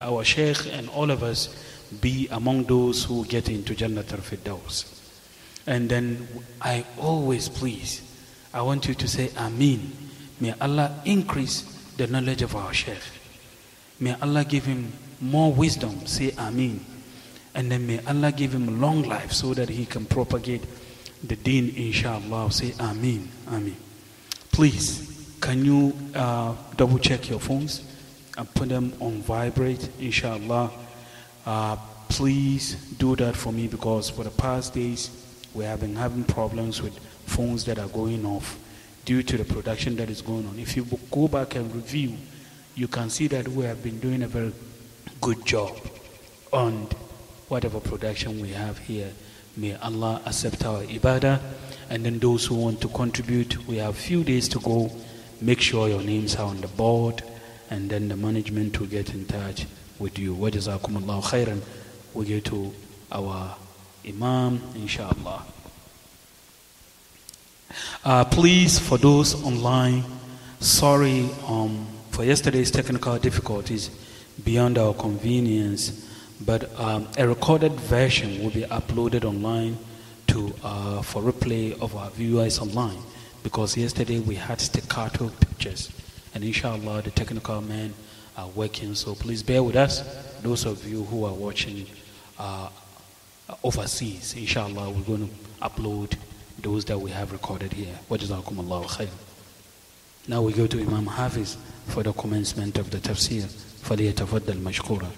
our Sheikh and all of us be among those who get into Jannat al And then I always please, I want you to say Amin. May Allah increase the knowledge of our Sheikh. May Allah give him more wisdom, say Amin. And then may Allah give him long life so that he can propagate the deen, inshallah. Say Amin, Amin. Please, can you uh, double check your phones? and put them on vibrate, inshallah. Uh, please do that for me because for the past days we have been having problems with phones that are going off due to the production that is going on. If you go back and review, you can see that we have been doing a very good job on whatever production we have here. May Allah accept our ibadah. And then those who want to contribute, we have a few days to go. Make sure your names are on the board and then the management will get in touch with you. Wa jazakumullahu khairan. We get to our Imam, inshallah. Uh, please, for those online, sorry um, for yesterday's technical difficulties beyond our convenience, but um, a recorded version will be uploaded online to uh, for replay of our viewers online because yesterday we had staccato pictures. And inshallah, the technical men are working. So please bear with us. Those of you who are watching uh, overseas, inshallah, we're going to upload those that we have recorded here. Now we go to Imam Hafiz for the commencement of the tafsir. al مشكورا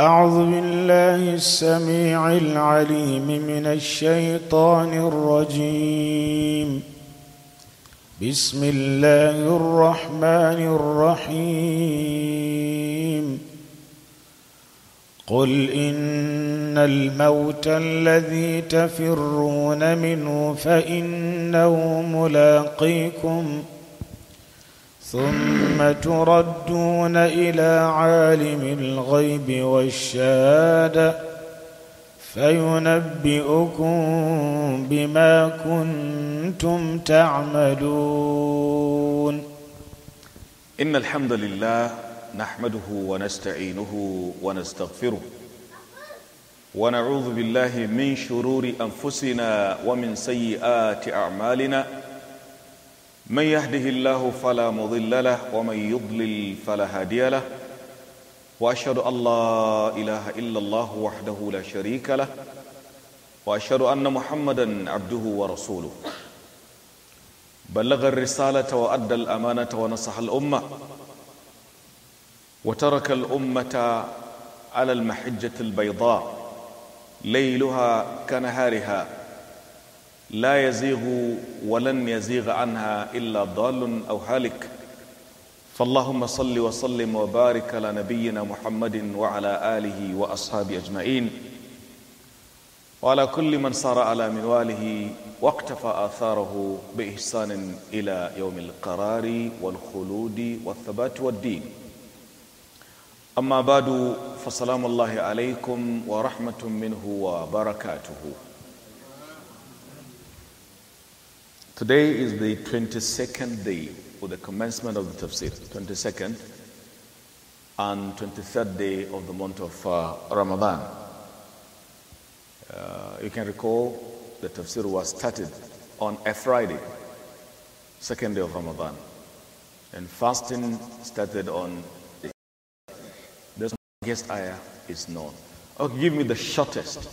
أعوذ بالله السميع العليم من الشيطان الرجيم بسم الله الرحمن الرحيم قل إن الموت الذي تفرون منه فإنه ملاقيكم ۖ ثم تردون إلى عالم الغيب والشهادة فينبئكم بما كنتم تعملون إن الحمد لله نحمده ونستعينه ونستغفره ونعوذ بالله من شرور أنفسنا ومن سيئات أعمالنا من يهده الله فلا مضل له ومن يضلل فلا هادي له واشهد ان لا اله الا الله وحده لا شريك له واشهد ان محمدا عبده ورسوله بلغ الرساله وادى الامانه ونصح الامه وترك الامه على المحجه البيضاء ليلها كنهارها لا يزيغ ولن يزيغ عنها الا ضال او هالك فاللهم صل وسلم وبارك على نبينا محمد وعلى اله واصحابه اجمعين وعلى كل من صار على منواله واقتفى اثاره باحسان الى يوم القرار والخلود والثبات والدين اما بعد فسلام الله عليكم ورحمه منه وبركاته Today is the 22nd day for the commencement of the tafsir, 22nd and 23rd day of the month of uh, Ramadan. Uh, you can recall the tafsir was started on a Friday, second day of Ramadan, and fasting started on this guest ayah is known. Okay, give me the shortest.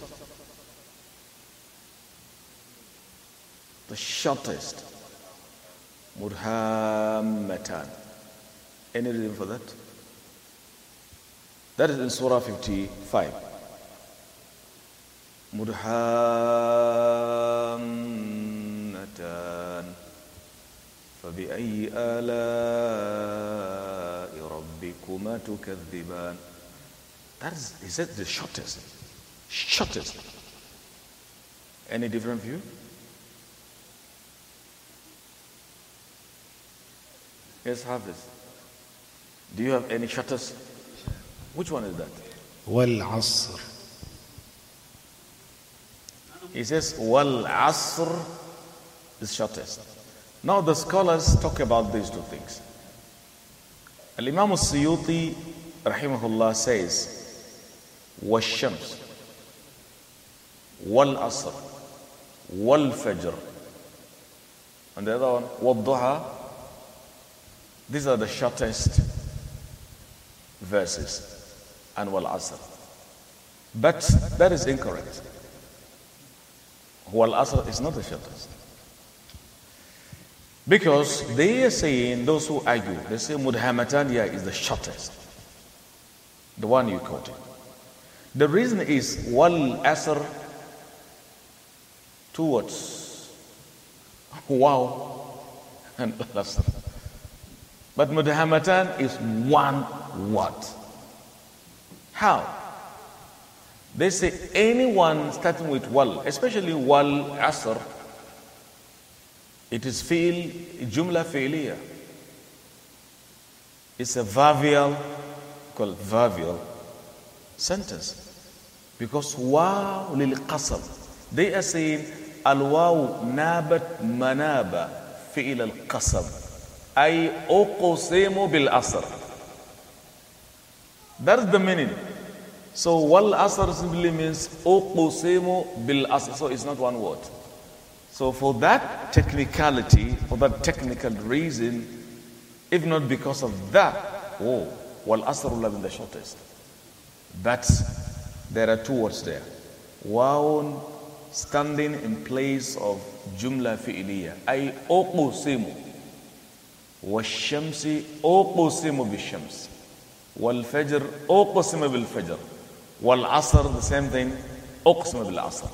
the shortest. Murhammatan. Any reason for that? That is in Surah 55. مدهامتان فبأي آلاء ربكما تكذبان That is, he said the shortest. Shortest. Any different view? Yes, Hafiz. Do you have any shutters? Which one is that? Wal Asr. He says Wal Asr is shortest. Now the scholars talk about these two things. Al Imam Suyuti rahimahullah says Washams Wal Asr Wal Fajr and the other one Wal Duha these are the shortest verses. And wal asr. But that is incorrect. Wal asr is not the shortest. Because they are saying, those who argue, they say Mudhamataniya is the shortest. The one you quoted. The reason is wal asr two words. Wow and asr. But Muhammadan is one word. How? They say anyone starting with wal, especially wal asr, it is fi'l, jumla failure. It's a verbial, called verbal sentence. Because wow lil qasr. They are saying al wow nabat manaba fi'l al qasr. I uqsimu bil asr. That's the meaning. So wal asr simply means uqsimu bil asr. So it's not one word. So for that technicality, for that technical reason, if not because of that, oh, wal asr will have the shortest. But there are two words there. Waun standing in place of jumla fi'liya. I uqsimu. والشمس أقسم بالشمس والفجر أقسم بالفجر والعصر the same thing أقسم بالعصر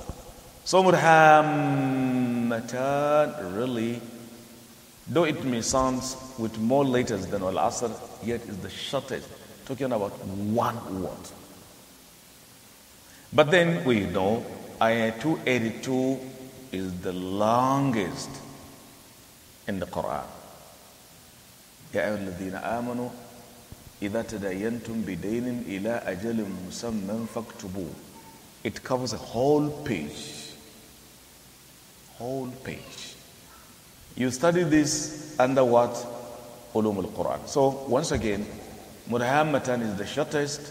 so مرحمتان really though it may sound with more letters than Al-Asr yet is the shortest talking about one word but then we know Ayah 282 is the longest in the Quran يا أيها الذين آمنوا إذا تداينتم بدين إلى أجل مسمى فاكتبوه It covers a whole page. Whole page. You study this under what? Ulum al-Quran. So once again, Muhammadan is the shortest.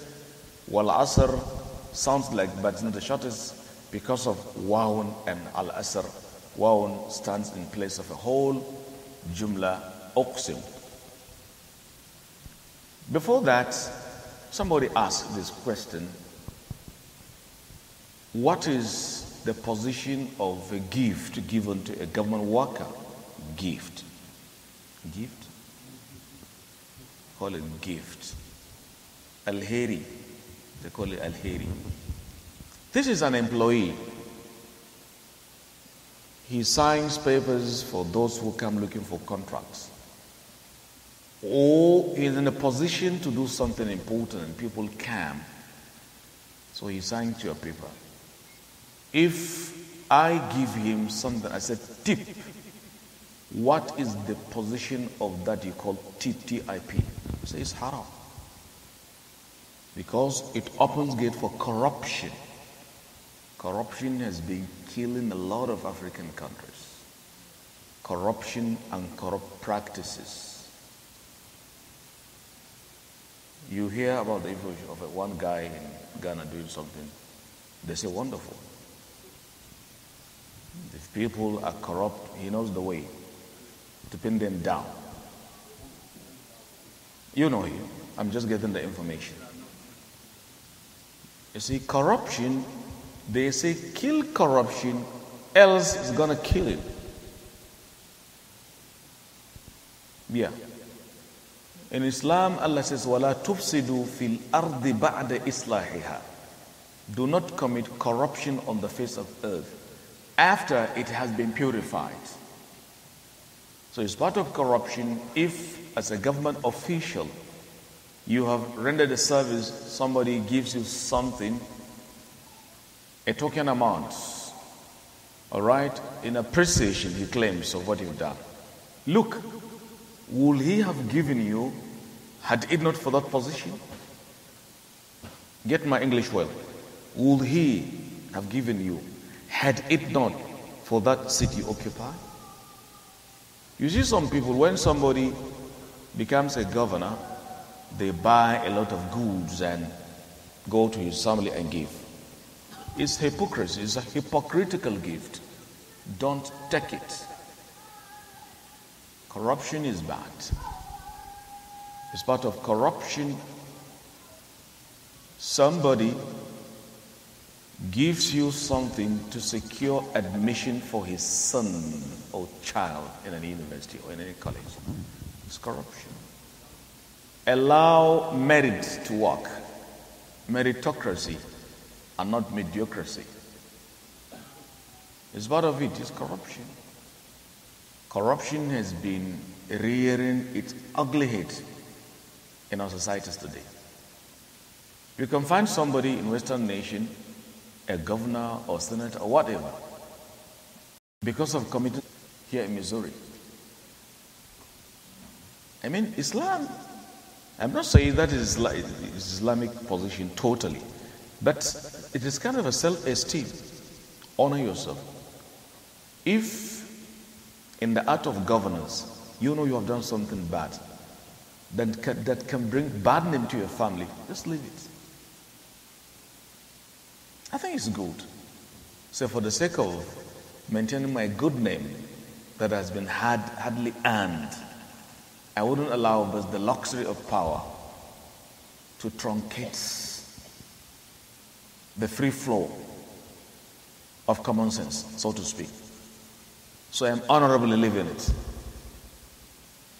Wal Asr sounds like, but it's not the shortest because of Waun and Al Asr. Waun stands in place of a whole Jumla Uqsim. Before that, somebody asked this question What is the position of a gift given to a government worker? Gift. Gift? Call it gift. Al-Heri. They call it Al-Heri. This is an employee. He signs papers for those who come looking for contracts or is in a position to do something important and people come. So he signed to your paper. If I give him something, I said, tip. What is the position of that you call TTIP? He it's haram. Because it opens gate for corruption. Corruption has been killing a lot of African countries. Corruption and corrupt practices You hear about the influence of one guy in Ghana doing something, they say, wonderful. If people are corrupt, he knows the way to pin them down. You know him. I'm just getting the information. You see, corruption, they say kill corruption, else it's going to kill you. Yeah. In Islam, Allah says, وَلَا تُفْسِدُوا فِي الْأَرْضِ بَعْدَ إِصْلَاحِهَا Do not commit corruption on the face of earth after it has been purified. So it's part of corruption if, as a government official, you have rendered a service, somebody gives you something, a token amount, all right, in appreciation, he claims, of what you've done. Look, would he have given you had it not for that position, get my English well, would he have given you had it not for that city occupied? You see, some people, when somebody becomes a governor, they buy a lot of goods and go to his family and give. It's hypocrisy, it's a hypocritical gift. Don't take it. Corruption is bad is part of corruption. Somebody gives you something to secure admission for his son or child in an university or in any college. It's corruption. Allow merit to work, meritocracy, and not mediocrity. It's part of it, it's corruption. Corruption has been rearing its ugly head in our societies today. You can find somebody in Western nation, a governor or senator or whatever, because of committing here in Missouri. I mean, Islam, I'm not saying that is Islamic position totally, but it is kind of a self esteem. Honor yourself. If in the art of governance, you know you have done something bad, that can, that can bring bad name to your family, just leave it. I think it's good. So, for the sake of maintaining my good name that has been hard, hardly earned, I wouldn't allow but the luxury of power to truncate the free flow of common sense, so to speak. So I am honorably leaving it.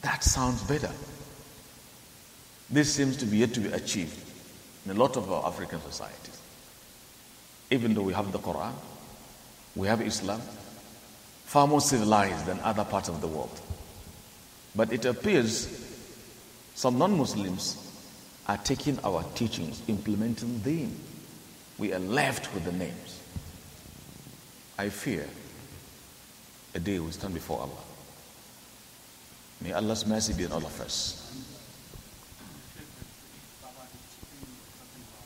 That sounds better. This seems to be yet to be achieved in a lot of our African societies. Even though we have the Quran, we have Islam, far more civilized than other parts of the world. But it appears some non Muslims are taking our teachings, implementing them. We are left with the names. I fear a day will stand before Allah. May Allah's mercy be on all of us.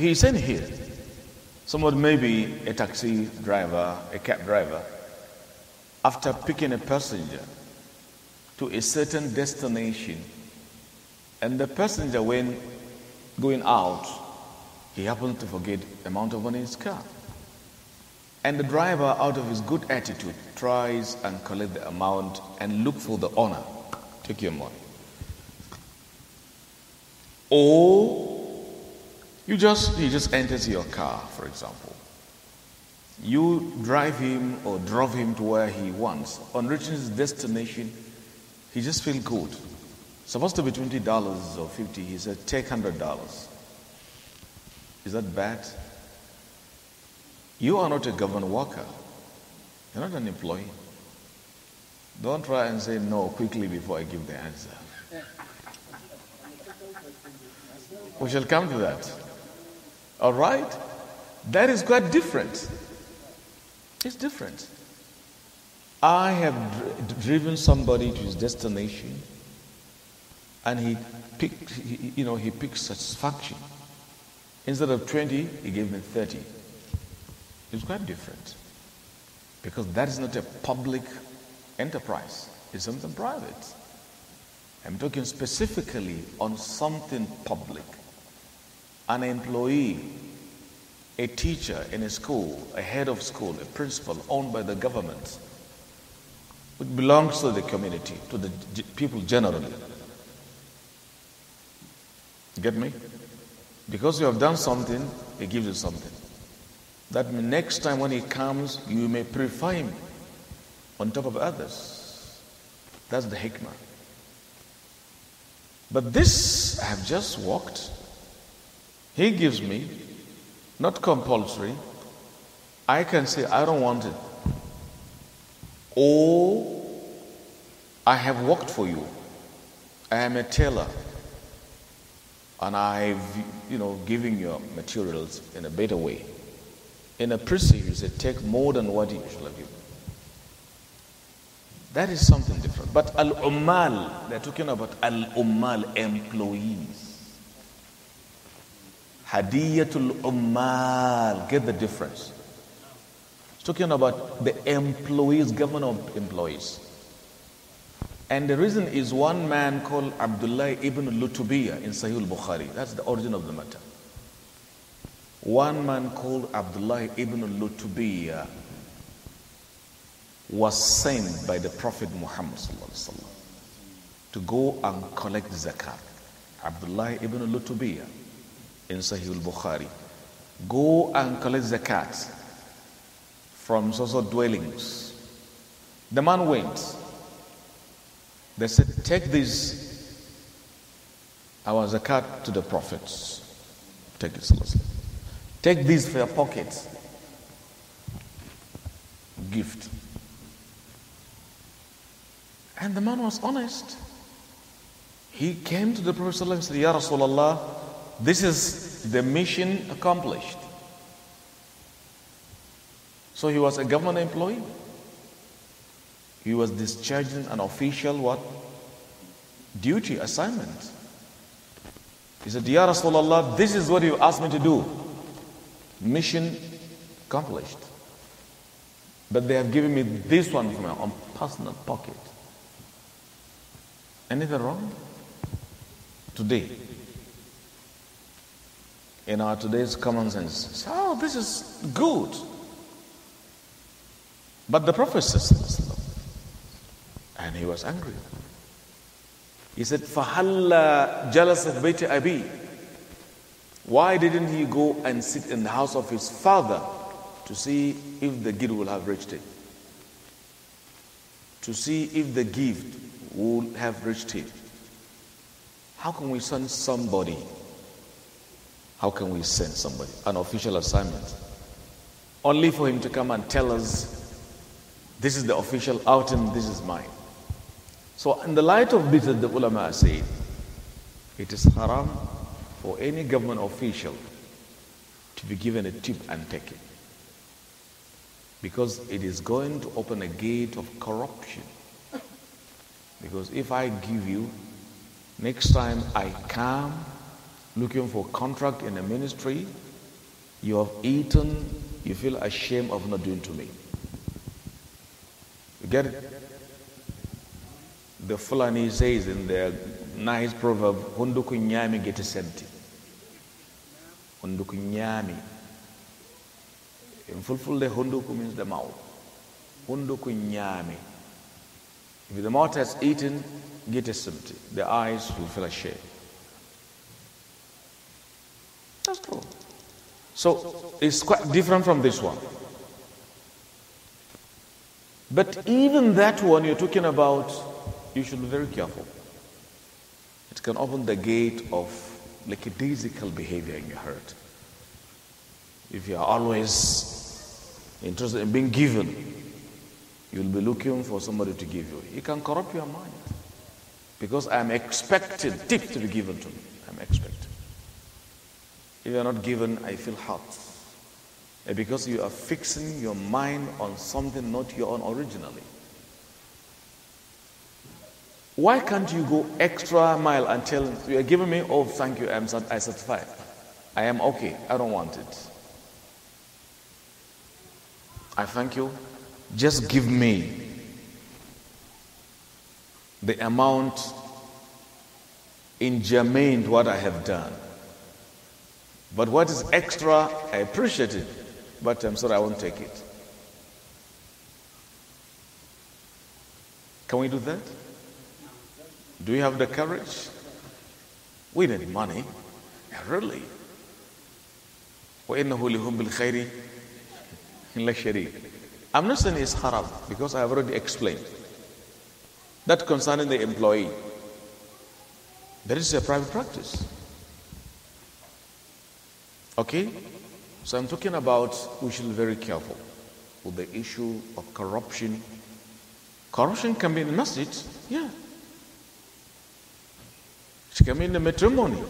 he's in here. Someone may be a taxi driver, a cab driver, after picking a passenger to a certain destination, and the passenger, when going out, he happens to forget the amount of money in his car. And the driver, out of his good attitude, tries and collect the amount and look for the owner. Take your money. Or you just he just enters your car, for example. You drive him or drove him to where he wants. On reaching his destination, he just feels good. Supposed to be twenty dollars or fifty, he said, take hundred dollars. Is that bad? You are not a government worker. You're not an employee. Don't try and say no quickly before I give the answer. We shall come to that. All right? That is quite different. It's different. I have driven somebody to his destination and he picked, he, you know, he picked satisfaction. Instead of 20, he gave me 30. It's quite different because that is not a public enterprise, it's something private. I'm talking specifically on something public an employee, a teacher in a school, a head of school, a principal owned by the government, which belongs to the community, to the people generally. Get me? Because you have done something, he gives you something. That next time when he comes, you may prefer him on top of others. That's the hikmah. But this, I have just walked he gives me, not compulsory. I can say, I don't want it. Or I have worked for you. I am a tailor. And I've, you know, giving your materials in a better way. In a pre you say takes more than what you should have given. That is something different. But al-ummal, they're talking about al-ummal employees. Hadiyatul Ummal. Get the difference. It's talking about the employees, government employees. And the reason is one man called Abdullah ibn Lutubiya in Sahih bukhari That's the origin of the matter. One man called Abdullah ibn Lutubiya was sent by the Prophet Muhammad to go and collect zakat. Abdullah ibn Lutubiyah in Sahih al-Bukhari. Go and collect zakat from social dwellings. The man went. They said, Take this, our zakat to the prophets. Take it, Take this for your pocket. Gift. And the man was honest. He came to the Prophet and said, Ya Rasulallah, this is the mission accomplished. So he was a government employee. He was discharging an official what? Duty, assignment. He said, Ya Rasulullah, this is what you asked me to do. Mission accomplished. But they have given me this one from my own personal pocket. Anything wrong? Today in our today's common sense. Oh, this is good. But the Prophet says, and he was angry. He said, Fahalla of bayti abi. Why didn't he go and sit in the house of his father to see if the gift will have reached him? To see if the gift would have reached him. How can we send somebody how can we send somebody? An official assignment. Only for him to come and tell us this is the official outing, this is mine. So, in the light of this, the ulama say it is haram for any government official to be given a tip and take it. Because it is going to open a gate of corruption. Because if I give you, next time I come, looking for a contract in a ministry, you have eaten, you feel ashamed of not doing to me. You get it? The Fulani says in their nice proverb, Hundukunyami get a senti. Hundukunyami. In Fulfulde, Hunduku means the mouth. Hundukunyami. If the mouth has eaten, get a senti. The eyes will feel ashamed. Just go. So it's quite different from this one. But even that one you're talking about, you should be very careful. It can open the gate of lackadaisical behavior in your heart. If you are always interested in being given, you'll be looking for somebody to give you. It can corrupt your mind. Because I'm expected, tip to be given to me. I'm if you are not given, I feel hurt. Because you are fixing your mind on something not your own originally. Why can't you go extra mile and tell you are giving me, oh, thank you, I'm, I satisfied. I am okay, I don't want it. I thank you, just give me the amount in germane to what I have done. But what is extra, I appreciate it, but I'm sorry, I won't take it. Can we do that? Do we have the courage? We need money. really. I'm not saying it's haram because I have already explained that concerning the employee. There is a private practice. Okay? So I'm talking about we should be very careful with the issue of corruption. Corruption can be in the masjid, yeah. It can be in the matrimony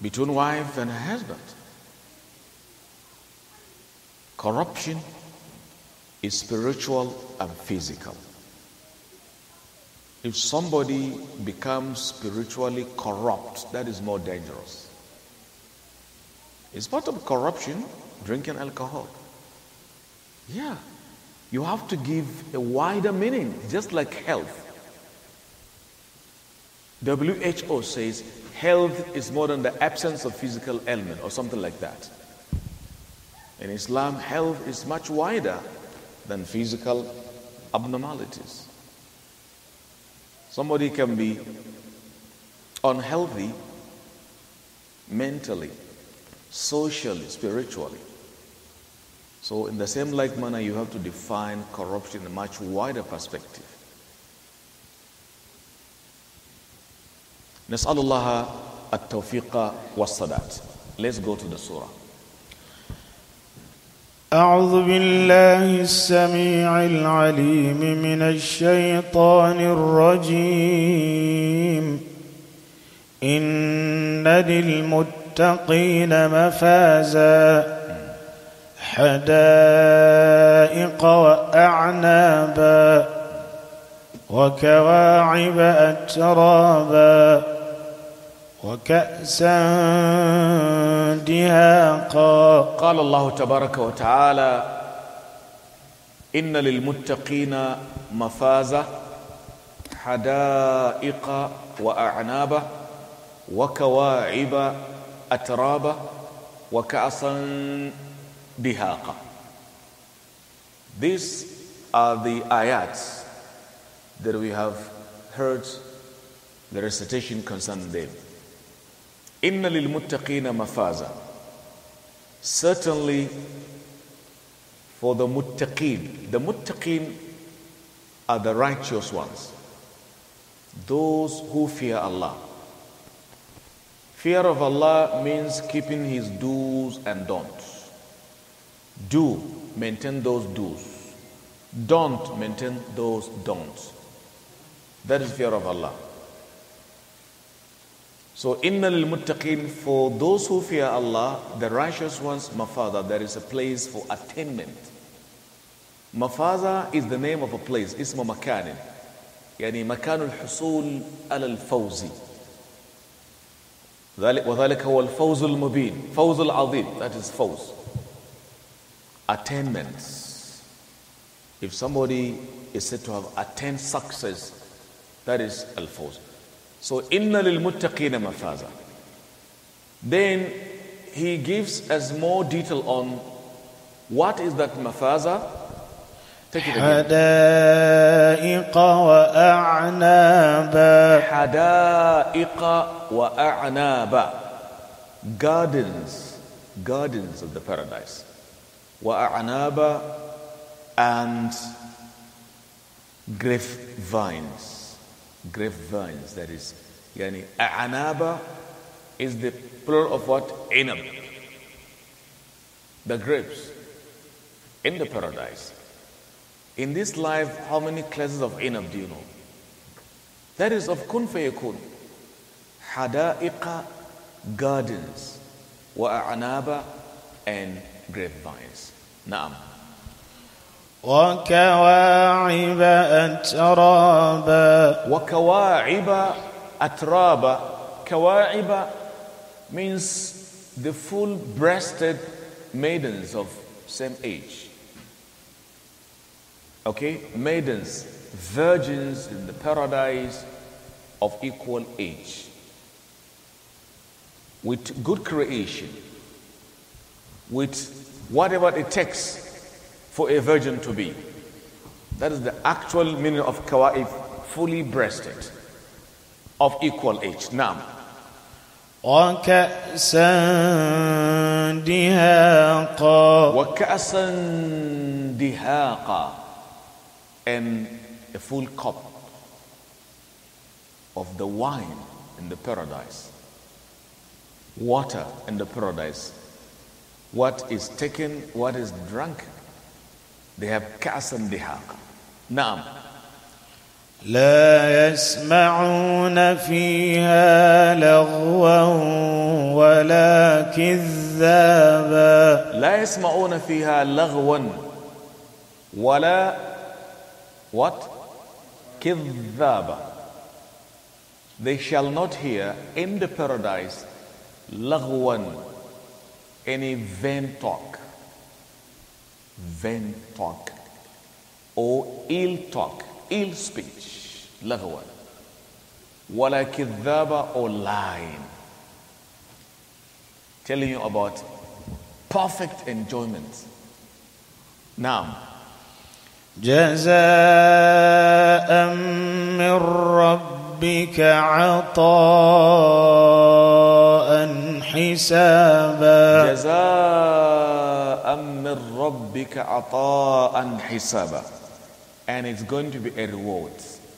between wife and husband. Corruption is spiritual and physical. If somebody becomes spiritually corrupt, that is more dangerous. It's part of corruption, drinking alcohol. Yeah. You have to give a wider meaning, just like health. WHO says health is more than the absence of physical ailment or something like that. In Islam, health is much wider than physical abnormalities. Somebody can be unhealthy mentally socially, spiritually. So, in the same like manner, you have to define corruption in a much wider perspective. نسأل الله التوفيق والصدات. Let's go to the surah. أعوذ بالله السميع العليم من الشيطان الرجيم إن للمتقين للمتقين مفازا حدائق وأعنابا وكواعب أترابا وكأسا دهاقا قال الله تبارك وتعالى إن للمتقين مفازة حدائق وأعنابا وكواعب أترابا وكأسا دهاقا These are the ayats that we have heard the recitation concerning them. إن للمتقين مفازا Certainly for the muttaqin. The muttaqin are the righteous ones. Those who fear Allah. Fear of Allah means keeping His do's and don'ts. Do, maintain those do's. Don't, maintain those don'ts. That is fear of Allah. So, inna lil for those who fear Allah, the righteous ones, Mafaza. there is a place for attainment. Mafaza is the name of a place, ismu makanin. Yani makanul husul al fawzi. وَذَلِكَ هُوَ الْفَوْزُ الْمُبِينُ فَوْزُ الْعَظِيمُ That is fawz. Attainments. If somebody is said to have attained success, that is al-fawz. So, إِنَّ لِلْمُتَّقِينَ مَفَازًا Then he gives us more detail on what is that mafaza حدائق وأعنابا حدائق وأعنابا Gardens, gardens of the paradise. وأعنابا and grape vines that is, yani, anaba is the plural of what? Inab. The grapes in the paradise. In this life, how many classes of inab do you know? That is of kun fayakun. Hada'iqa, gardens, wa'anaba, and grapevines. Naam. وكواعب أترابا وكواعب أترابا كواعب means the full breasted maidens of same age okay, maidens, virgins in the paradise of equal age, with good creation, with whatever it takes for a virgin to be. That is the actual meaning of kawaif, fully breasted, of equal age. Now, وكأسا دهاقا وكأسا دهاقا and a full cup of the wine in the paradise, water in the paradise. What is taken, what is drunk, they have kasan dihaq. Naam. لا يسمعون فيها لغوا ولا كذابا لا يسمعون فيها لغوا ولا what? Kidhaba. They shall not hear in the paradise lagwan, any vain talk, vain talk, or ill talk, ill speech, laghwan. Wala kidhaba or lying. Telling you about perfect enjoyment. Now, جزاء من ربك عطاء حسابا جزاء من ربك عطاء حسابا and it's going to be a reward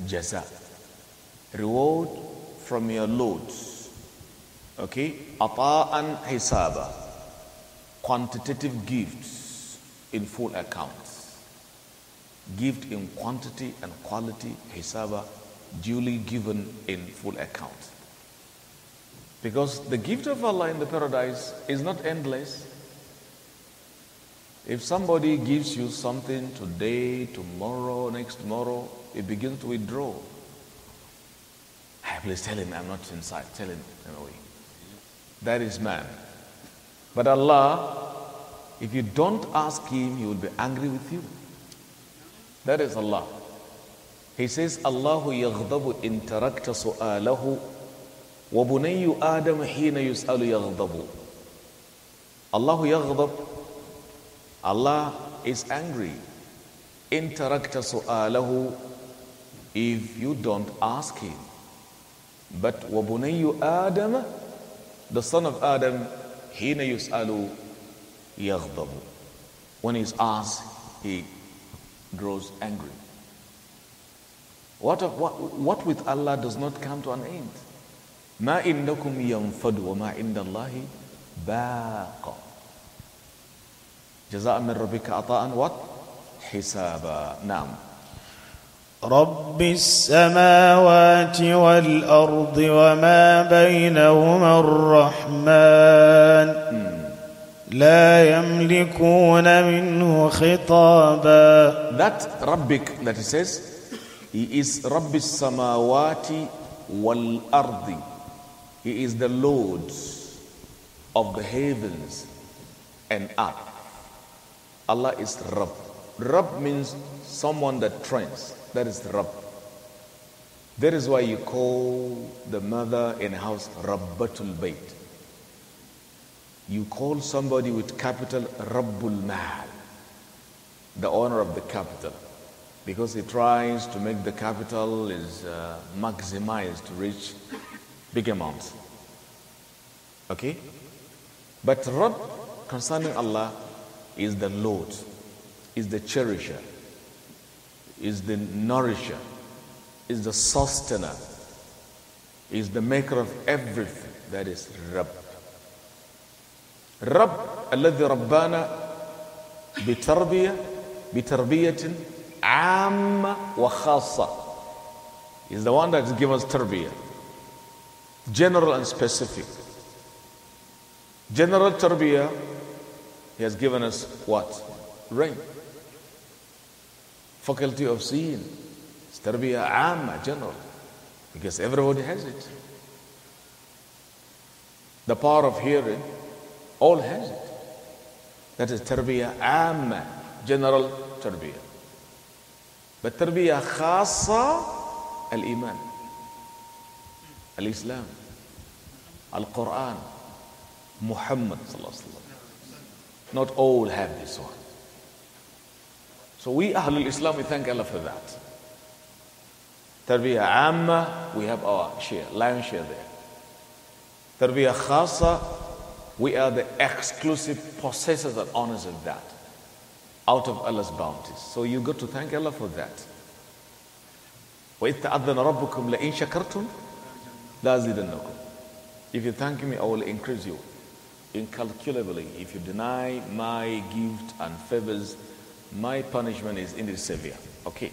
jaza reward from your lord okay عطاء حسابا quantitative gifts in full account Gift in quantity and quality, hisaba, duly given in full account. Because the gift of Allah in the paradise is not endless. If somebody gives you something today, tomorrow, next tomorrow, it begins to withdraw. Hey, ah, please tell him I'm not inside. Tell him I'm away. That is man. But Allah, if you don't ask him, he will be angry with you. That is Allah. He says, Allahu yaghdabu in tarakta su'alahu wa bunayyu Adam hina yus'alu yaghdabu. Allahu yaghdab. Allah is angry. In tarakta su'alahu if you don't ask him. But wa bunayyu Adam, the son of Adam, hina yus'alu yaghdabu. When he's asked, he grows angry. What, of, what, what with Allah does not come to an end? ما عندكم ينفد وما عند الله باق جزاء من ربك عطاء وات حسابا نعم رب السماوات والأرض وما بينهما الرحمن م. لا يملكون منه خطابا That Rabbik that he says, he is Rabbi السماوات والأرض He is the Lord of the heavens and earth. Allah is Rabb. Rabb means someone that trains. That is Rabb. That is why you call the mother in house Rabbatul Bayt. You call somebody with capital Rabbul Mal, the owner of the capital, because he tries to make the capital is uh, maximized to reach big amounts. Okay? But Rabb concerning Allah is the Lord, is the cherisher, is the nourisher, is the sustainer, is the maker of everything. That is Rabb. الرب الذي ربانا بتربية بتربية عامة وخاصة is the one that gives us تربية general and specific general تربية he has given us what rain faculty of seeing is تربية عامة general because everybody has it the power of hearing All has it. That is tarbiyah amma, general tarbiyah. But tarbiyah khasa, al-iman, al-Islam, al-Quran, Muhammad Not all have this one. So we Ahlul Islam, we thank Allah for that. Tarbiyah Amma, we have our share, lion share there. Tarbiyah Khasa, we are the exclusive possessors and owners of that out of Allah's bounties. So you got to thank Allah for that. If you thank me, I will increase you incalculably. If you deny my gift and favors, my punishment is indeed severe. Okay.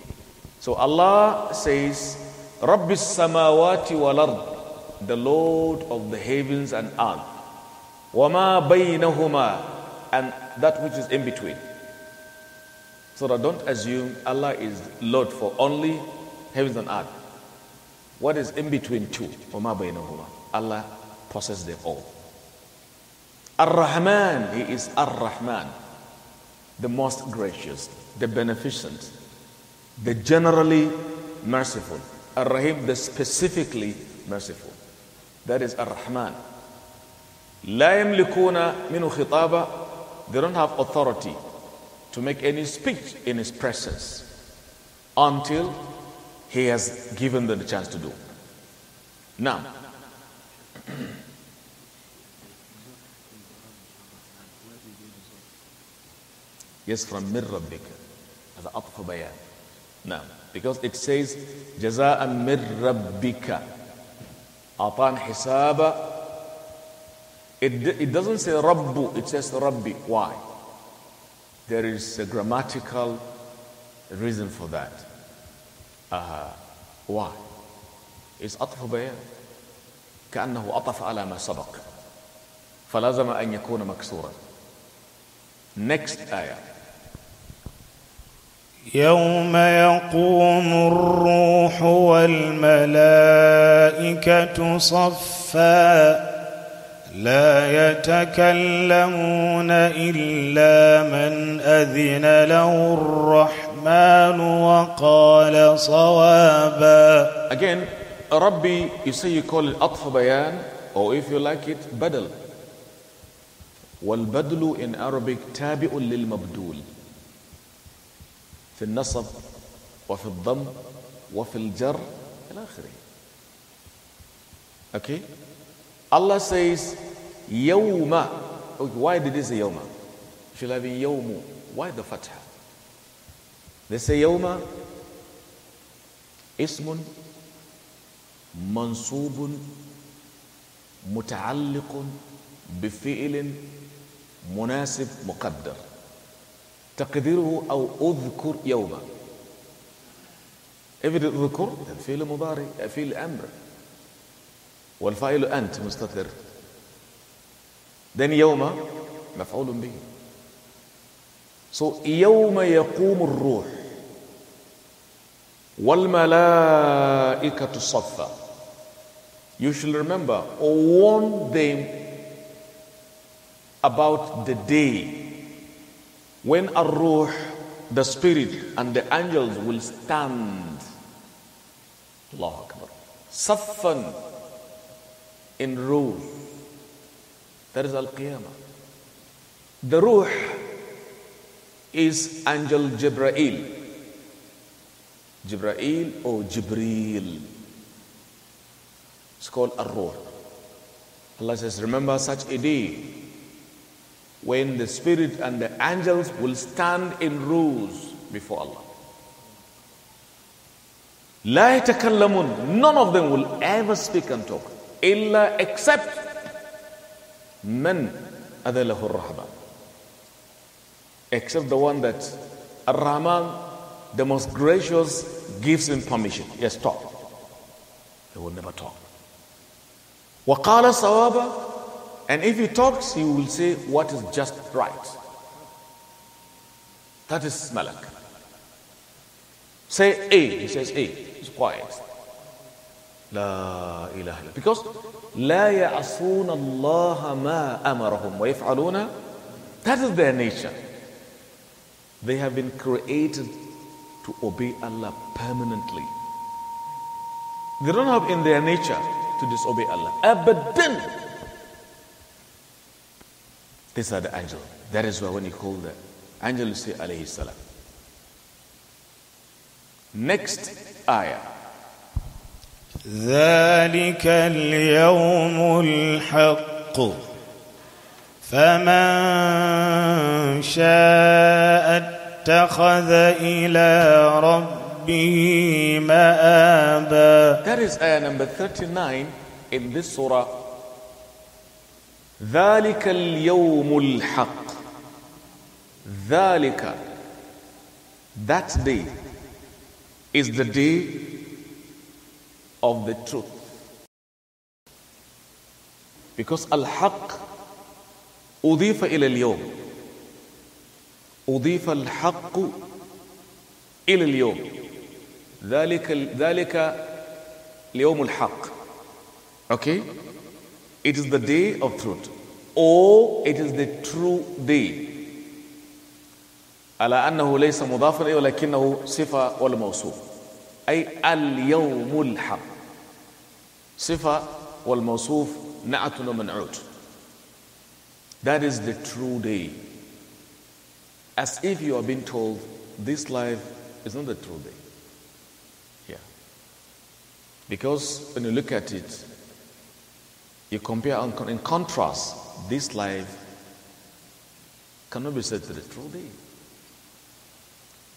So Allah says, "Rabbis السَّمَاوَاتِ walard," The Lord of the heavens and earth. وَمَا بَيْنَهُمَا And that which is in between. So that don't assume Allah is Lord for only heavens and earth. What is in between two? وَمَا بَيْنَهُمَا Allah possesses them all. Ar-Rahman, He is Ar-Rahman, the most gracious, the beneficent, the generally merciful. Ar-Rahim, the specifically merciful. That is Ar-Rahman. لا يملكون منه خطابة they don't have authority to make any speech in his presence until he has given them the chance to do. Now, yes, from min rabbik, as a bayan. Now, because it says, "Jaza' min rabbika, atan hisaba It, it doesn't say Rabbu, it says Rabbi. Why? There is a grammatical reason for that. Uh, why? It's عطف بيان كأنه أطف على ما سبق فلازم أن يكون مكسورا Next آية يوم يقوم الروح والملائكة صفاً لا يتكلمون الا من اذن له الرحمن وقال صوابا again Rabbi, you say you call it عطف بيان or if you like it بدل والبدل in Arabic تابع للمبدول في النصب وفي الضم وفي الجر الى اخره okay Allah says, Yawma. Okay, why did he say Yawma? Should have been Yawmu. Why the fatha? They say Yawma. Ismun. Mansubun. متعلق بفعل مناسب مقدر تقديره أو أذكر يوما إذا اذكر فعل مضارع فعل أمر والفاعل أنت مستتر then يوم مفعول به so يوم يقوم الروح والملائكة صفا you should remember or warn them about the day when ar-ruh the spirit and the angels will stand Allahu Akbar saffan in ruh. That is Al Qiyamah. The ruh is Angel Jibrail. Jibrail or Jibril. It's called Ar Ruh. Allah says, Remember such a day when the spirit and the angels will stand in rows before Allah. لا يتكلمون none of them will ever speak and talk illa except men adalahu rahman except the one that ar-rahman the most gracious gives him permission yes talk he will never talk waqala sawaba and if he talks he will say what is just right that is malak say a he says a he's quiet لا إله إلا because لا يعصون الله ما أمرهم ويفعلون that is their nature they have been created to obey Allah permanently they don't have in their nature to disobey Allah abadan these are the angels that is why when you call the angel you say alayhi salam next ayah ذلك اليوم الحق فمن شاء اتخذ إلى ربه مآبا That is ayah number 39 in this surah ذلك اليوم الحق ذلك That day is the day of the truth. Because Al Haq Udifa ila yom Udifa Al Haq ila yom Dalika Liyom Al Haq. Okay? It is the day of truth. Oh, it is the true day. على أنه ليس مضافا إليه ولكنه صفة والموصوف أي اليوم الحق Sifa wal mawsuf na'atun man'ut. That is the true day. As if you are being told this life is not the true day. Yeah. Because when you look at it, you compare and in contrast, this life cannot be said to be the true day.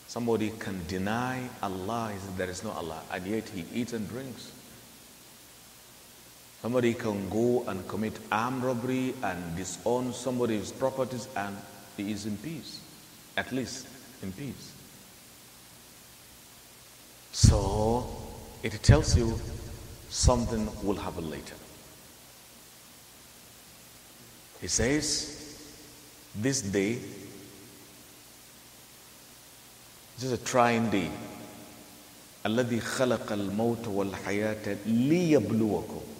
Somebody can deny Allah, there is no Allah, and yet he eats and drinks. Somebody can go and commit armed robbery and disown somebody's properties and he is in peace, at least in peace. So it tells you something will happen later. He says, This day, this is a trying day. الذي خلق الموت والحياة ليبلوكم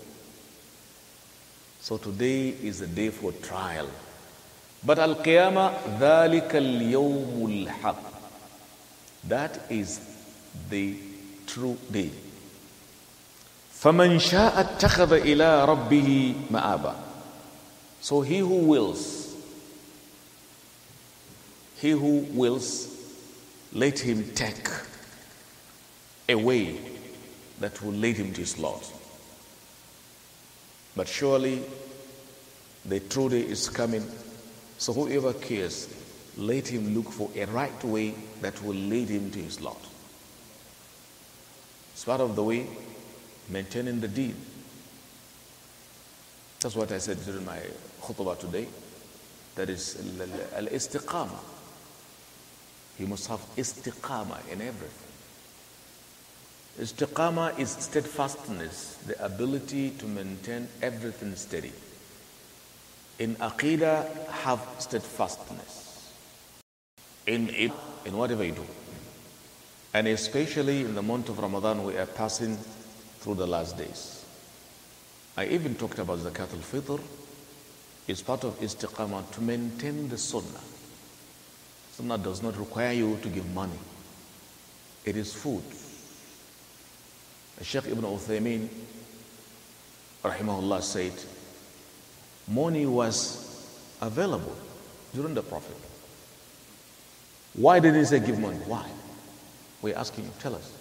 so today is a day for trial. But Al Qiyamah, ذَلِكَ الْيَوْمُ الْحَقِّ That is the true day. فَمَنْ شَاءَ اتَّخَذَ إِلَىٰ رَبِّهِ مَآبًا So he who wills, he who wills, let him take a way that will lead him to his Lord. But surely the true day is coming. So whoever cares, let him look for a right way that will lead him to his lot. It's part of the way maintaining the deed. That's what I said during my khutbah today. That is al-istiqama. He must have istiqama in everything. Istiqama is steadfastness, the ability to maintain everything steady. In Aqidah, have steadfastness. In it, in whatever you do. And especially in the month of Ramadan, we are passing through the last days. I even talked about Zakat al-Fitr. It's part of istiqama to maintain the sunnah. Sunnah does not require you to give money. It is food. Sheikh Ibn Uthaymeen, rahimahullah, said, money was available during the Prophet. Why didn't he say give money? Why? We're asking you, tell us.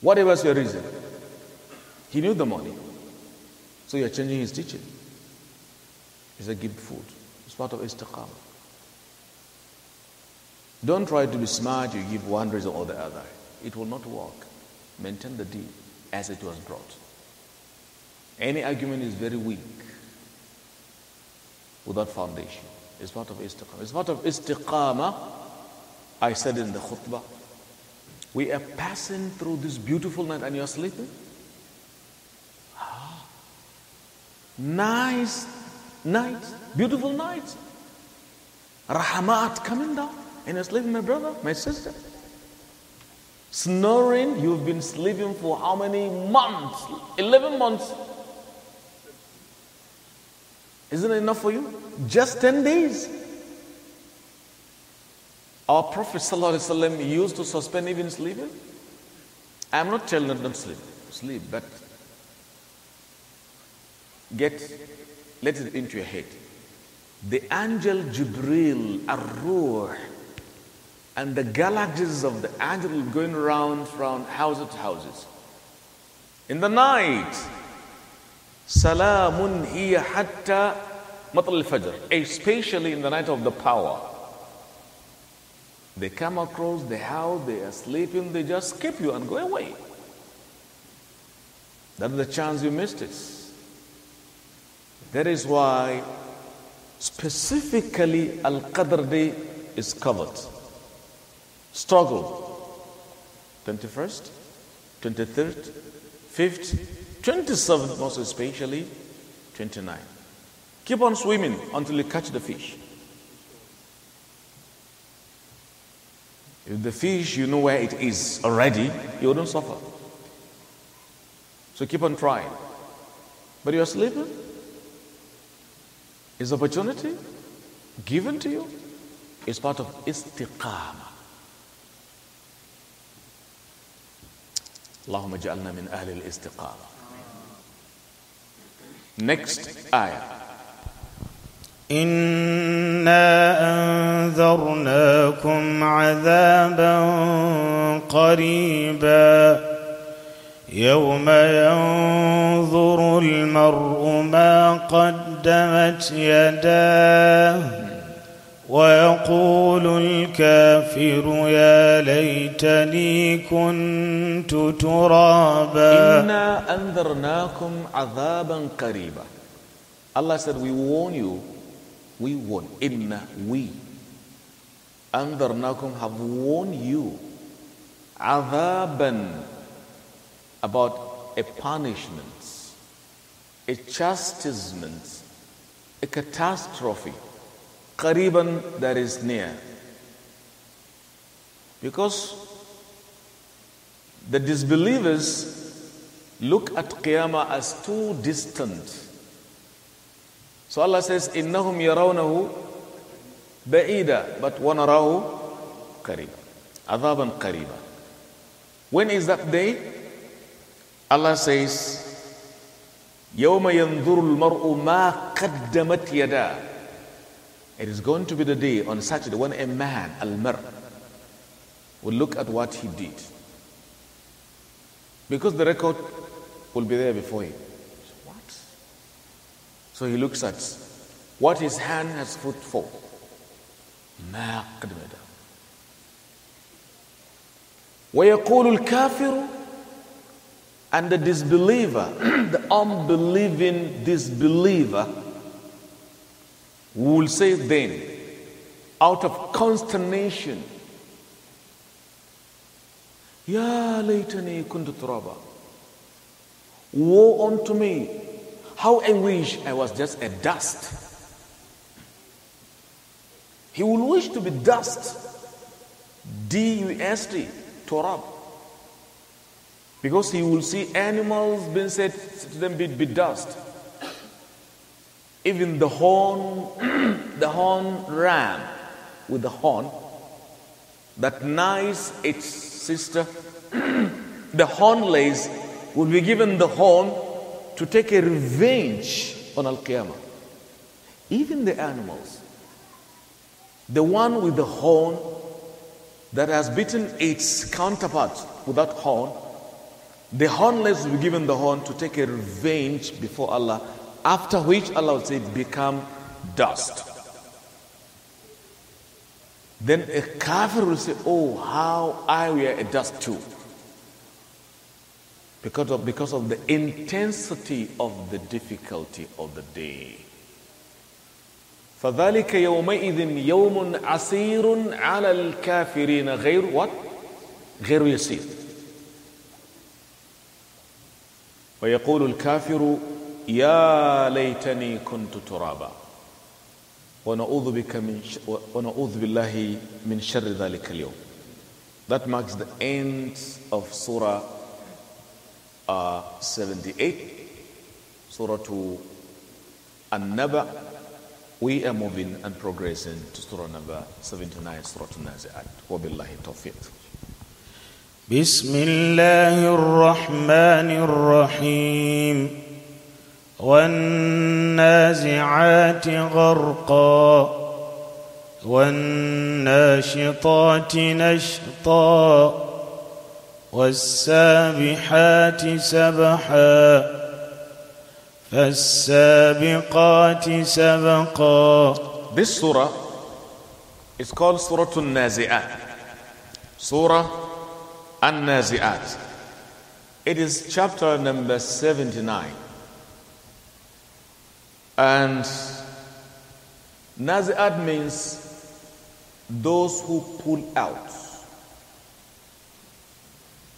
What was your reason? He knew the money. So you're changing his teaching. He said, give food. It's part of istiqamah. Don't try to be smart, you give one reason or the other. It will not work maintain the deed as it was brought. Any argument is very weak without foundation. It's part of istiqamah. It's part of istiqama. I said in the khutbah, we are passing through this beautiful night and you're sleeping? Ah, nice night, beautiful night. Rahmat coming down and you're sleeping, my brother, my sister. Snoring, you've been sleeping for how many months? 11 months. Isn't it enough for you? Just 10 days. Our Prophet used to suspend even sleeping. I'm not telling them not sleep, sleep, but get let it into your head. The angel Jibril, Ar-Ruh, and the galaxies of the angels going around from houses to houses. In the night, Salamun hiya hatta matal fajr, especially in the night of the power. They come across the house, they are sleeping, they just skip you and go away. That's the chance you missed it. That is why specifically Al Qadr Day is covered struggle. 21st, 23rd, 5th, 27th, most especially 29. Keep on swimming until you catch the fish. If the fish, you know where it is already, you wouldn't suffer. So keep on trying. But you're sleeping? Is opportunity given to you? It's part of istiqamah. اللهم اجعلنا من أهل الاستقامة Next آية إنا أنذرناكم عذابا قريبا يوم ينظر المرء ما قدمت يداه ويقول الكافر يا ليتني كنت ترابا إنا أنذرناكم عذابا قريبا Allah said we warn you we warn إنا we أنذرناكم have warned you عذابا about a punishment a chastisement a catastrophe Qariban, that is near. Because the disbelievers look at Qiyamah as too distant. So Allah says, "Innahum يَرَوْنَهُ ba'ida, But وَنَرَاهُ قَرِيبًا Adhaban قَرِيبًا When is that day? Allah says, يَوْمَ يَنْظُرُ الْمَرْءُ مَا قَدَّمَتْ يَدَاهُ it is going to be the day on Saturday when a man, Al-Mar, will look at what he did. Because the record will be there before him. What? So he looks at what his hand has put forth. ويقول الكافر and the disbeliever, the unbelieving disbeliever we will say then, out of consternation, Ya laytani kuntu turaba. Woe unto me. How I wish I was just a dust. He will wish to be dust. D U S T, Torab. Because he will see animals being said to them be, be dust. Even the horn, the horn ram with the horn that nice its sister, the hornless will be given the horn to take a revenge on Al Qiyamah. Even the animals, the one with the horn that has beaten its counterpart without horn, the hornless will be given the horn to take a revenge before Allah after which Allah say, Become dust. Then a kafir will say, Oh, how I wear a dust too. Because of, because of the intensity of the difficulty of the day. فذلك يومئذ يوم عسير على الكافرين غير what? غير يسير ويقول الكافر يا ليتني كنت ترابا ونعوذ بك من ش... ونعوذ بالله That marks the end of Surah uh, 78, Surah to and now We are moving and progressing to Surah number 79, Surah An-Nazi'at. وبالله التوفيق. بسم الله الرحمن الرحيم. والنازعات غرقا والناشطات نشطا والسابحات سبحا فالسابقات سبقا This surah is called Surah Al-Nazi'at. Surah Al-Nazi'at. It is chapter number 79. And Nazirat means those who pull out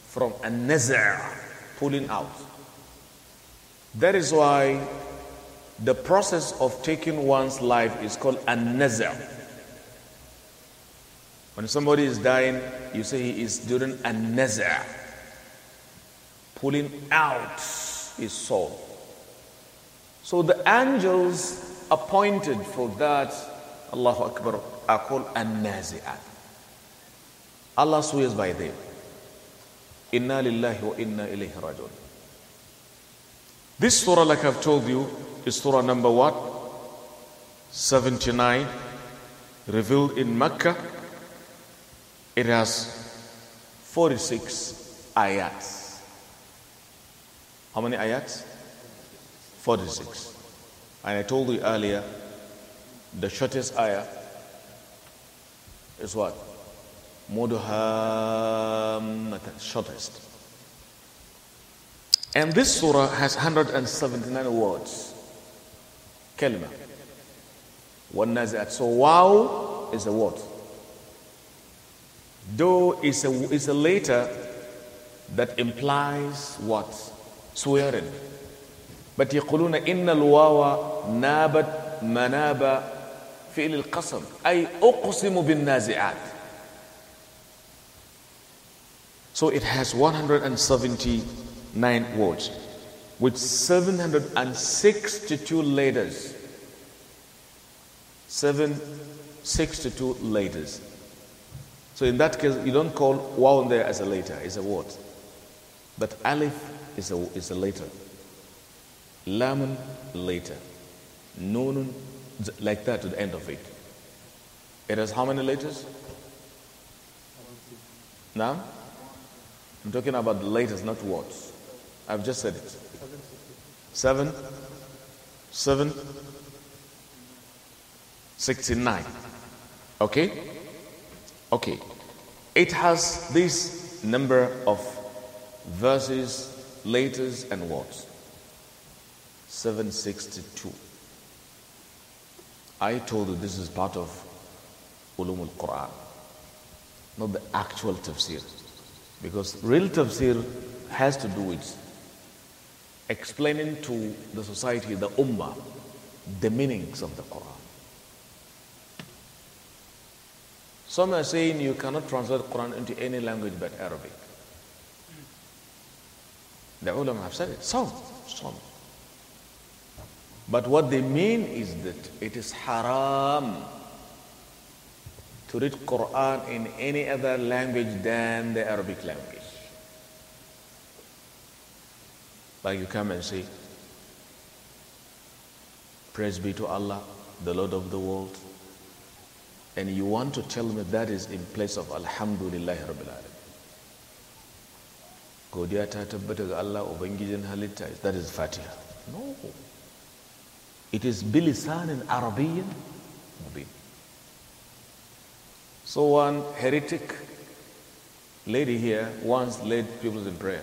from a nazar, pulling out. That is why the process of taking one's life is called a nazar. When somebody is dying, you say he is during a nazar, pulling out his soul. So the angels appointed for that, Allahu Akbar, are called An-Nazi'at. Allah swears by them. Inna lillahi wa inna ilayhi rajun. This surah, like I've told you, is surah number what? 79, revealed in Mecca. It has 46 ayats. How many ayats? 46. And I told you earlier, the shortest ayah is what? Muduhammatan, shortest. And this surah has 179 words. Kalima. One nazi'at. So wow is a word. Do is a, is a letter that implies what? Swearing but يقولون إن الواو نابت مناب فعل القسم أي أقسم بالنازعات So it has 179 words with 762 letters. 762 letters. So in that case, you don't call Wāw there as a letter, it's a word. But alif is a, is a letter lamun later, nunun like that to the end of it. It has how many letters? Now? I'm talking about the letters, not words. I've just said it. Seven, seven, 69. Okay? Okay. It has this number of verses, letters, and words. 762. I told you this is part of Ulum al-Quran, not the actual tafsir. Because real tafsir has to do with explaining to the society, the ummah, the meanings of the Quran. Some are saying you cannot translate Quran into any language but Arabic. The ulama have said it. Some, some. But what they mean is that it is haram to read Quran in any other language than the Arabic language. Like you come and say, Praise be to Allah, the Lord of the world. And you want to tell me that is in place of Alhamdulillah Rabbil Alam. Godiya ta tabbata ga Allah Ubangijin halitta, that is Fatiha. No. It is bilisan Arabian mubin. So one heretic lady here once led people in prayer,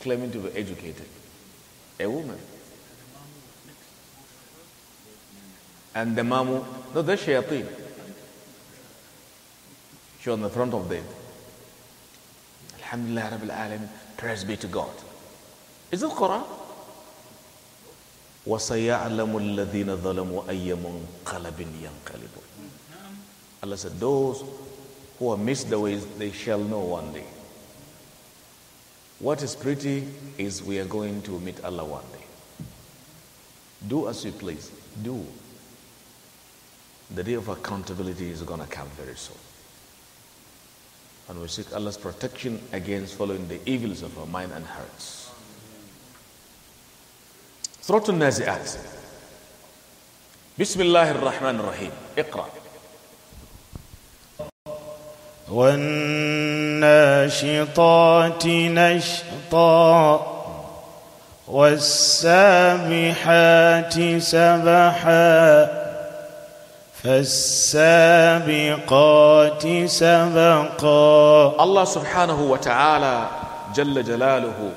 claiming to be educated. A woman. And the mamu, no, the shayateen. She on the front of them. Alhamdulillah Rabbil alamin. praise be to God. Is it Quran? وَسَيَعْلَمُ الَّذِينَ ظَلَمُوا أَيَّمُنْ قَلَبٍ يَنْقَلِبُ Allah said, those who have missed the ways, they shall know one day. What is pretty is we are going to meet Allah one day. Do as you please. Do. The day of accountability is going to come very soon. And we seek Allah's protection against following the evils of our mind and hearts. سورة النازئات بسم الله الرحمن الرحيم اقرأ والناشطات نشطا والسابحات سبحا فالسابقات سبقا الله سبحانه وتعالى جل جلاله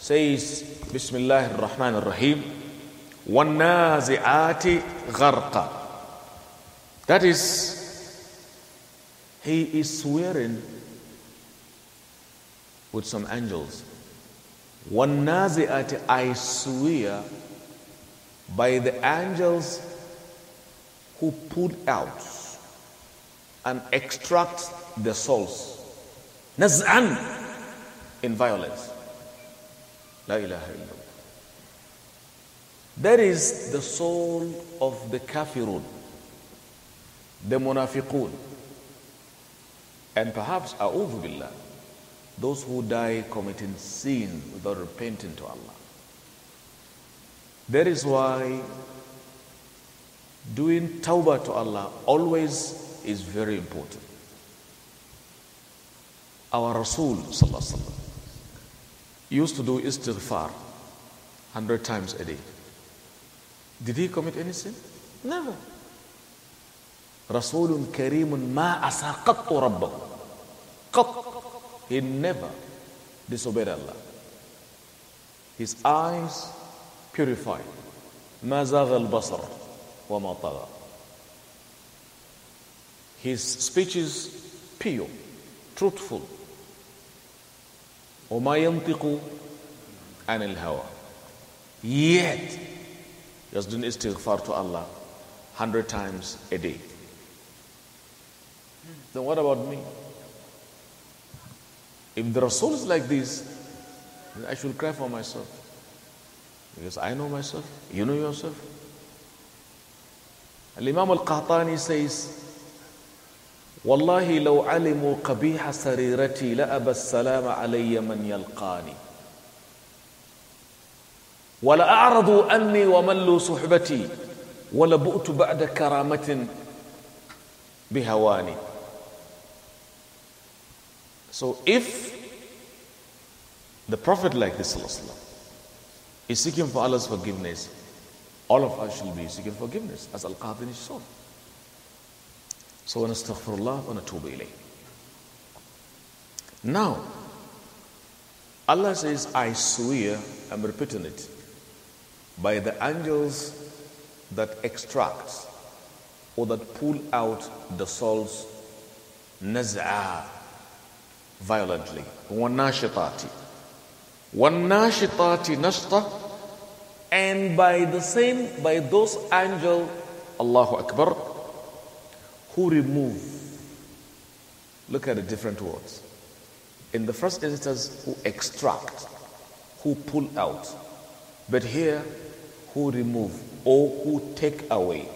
says Bismillah ar-Rahman ar-Rahim وَالنَّازِعَاتِ غَرْقًا That is, he is swearing with some angels. وَالنَّازِعَاتِ I swear by the angels who pull out and extract the souls. Nazan in violence. La ilaha illallah. That is the soul of the kafirun, the munafiqun, and perhaps, a'udhu billah, those who die committing sin without repenting to Allah. That is why doing tawbah to Allah always is very important. Our Rasul sallallahu alaihi wasallam used to do istighfar 100 times a day. Did he commit any sin? Never. رسول كريم ma عصى قط ربه he never disobeyed Allah his eyes purified mazal al basr وما طغى his speech is pure truthful وما ينطق عن الهوى yet just doing istighfar to Allah 100 times a day then what about me if the Rasul is like this I should cry for myself because I know myself you know yourself Al-Imam Al-Qahtani says والله لو علموا قبيح سريرتي لأبى السلام علي من يلقاني ولا ولأعرضوا أني وملوا صحبتي ولا بؤت بعد كرامة بهواني So if the Prophet like this is seeking for Allah's forgiveness, all of us should be seeking forgiveness as Al-Qadini saw. So when ونستغفر wa ونتوب إليه. Now, Allah says, I swear, I'm repeating it, by the angels that extract or that pull out the souls naz'a violently. one وَالنَّاشِطَاتِ nasta, And by the same, by those angels, Allahu Akbar, who remove. Look at the different words. In the first instance, who extract, who pull out. But here, who remove or who take away.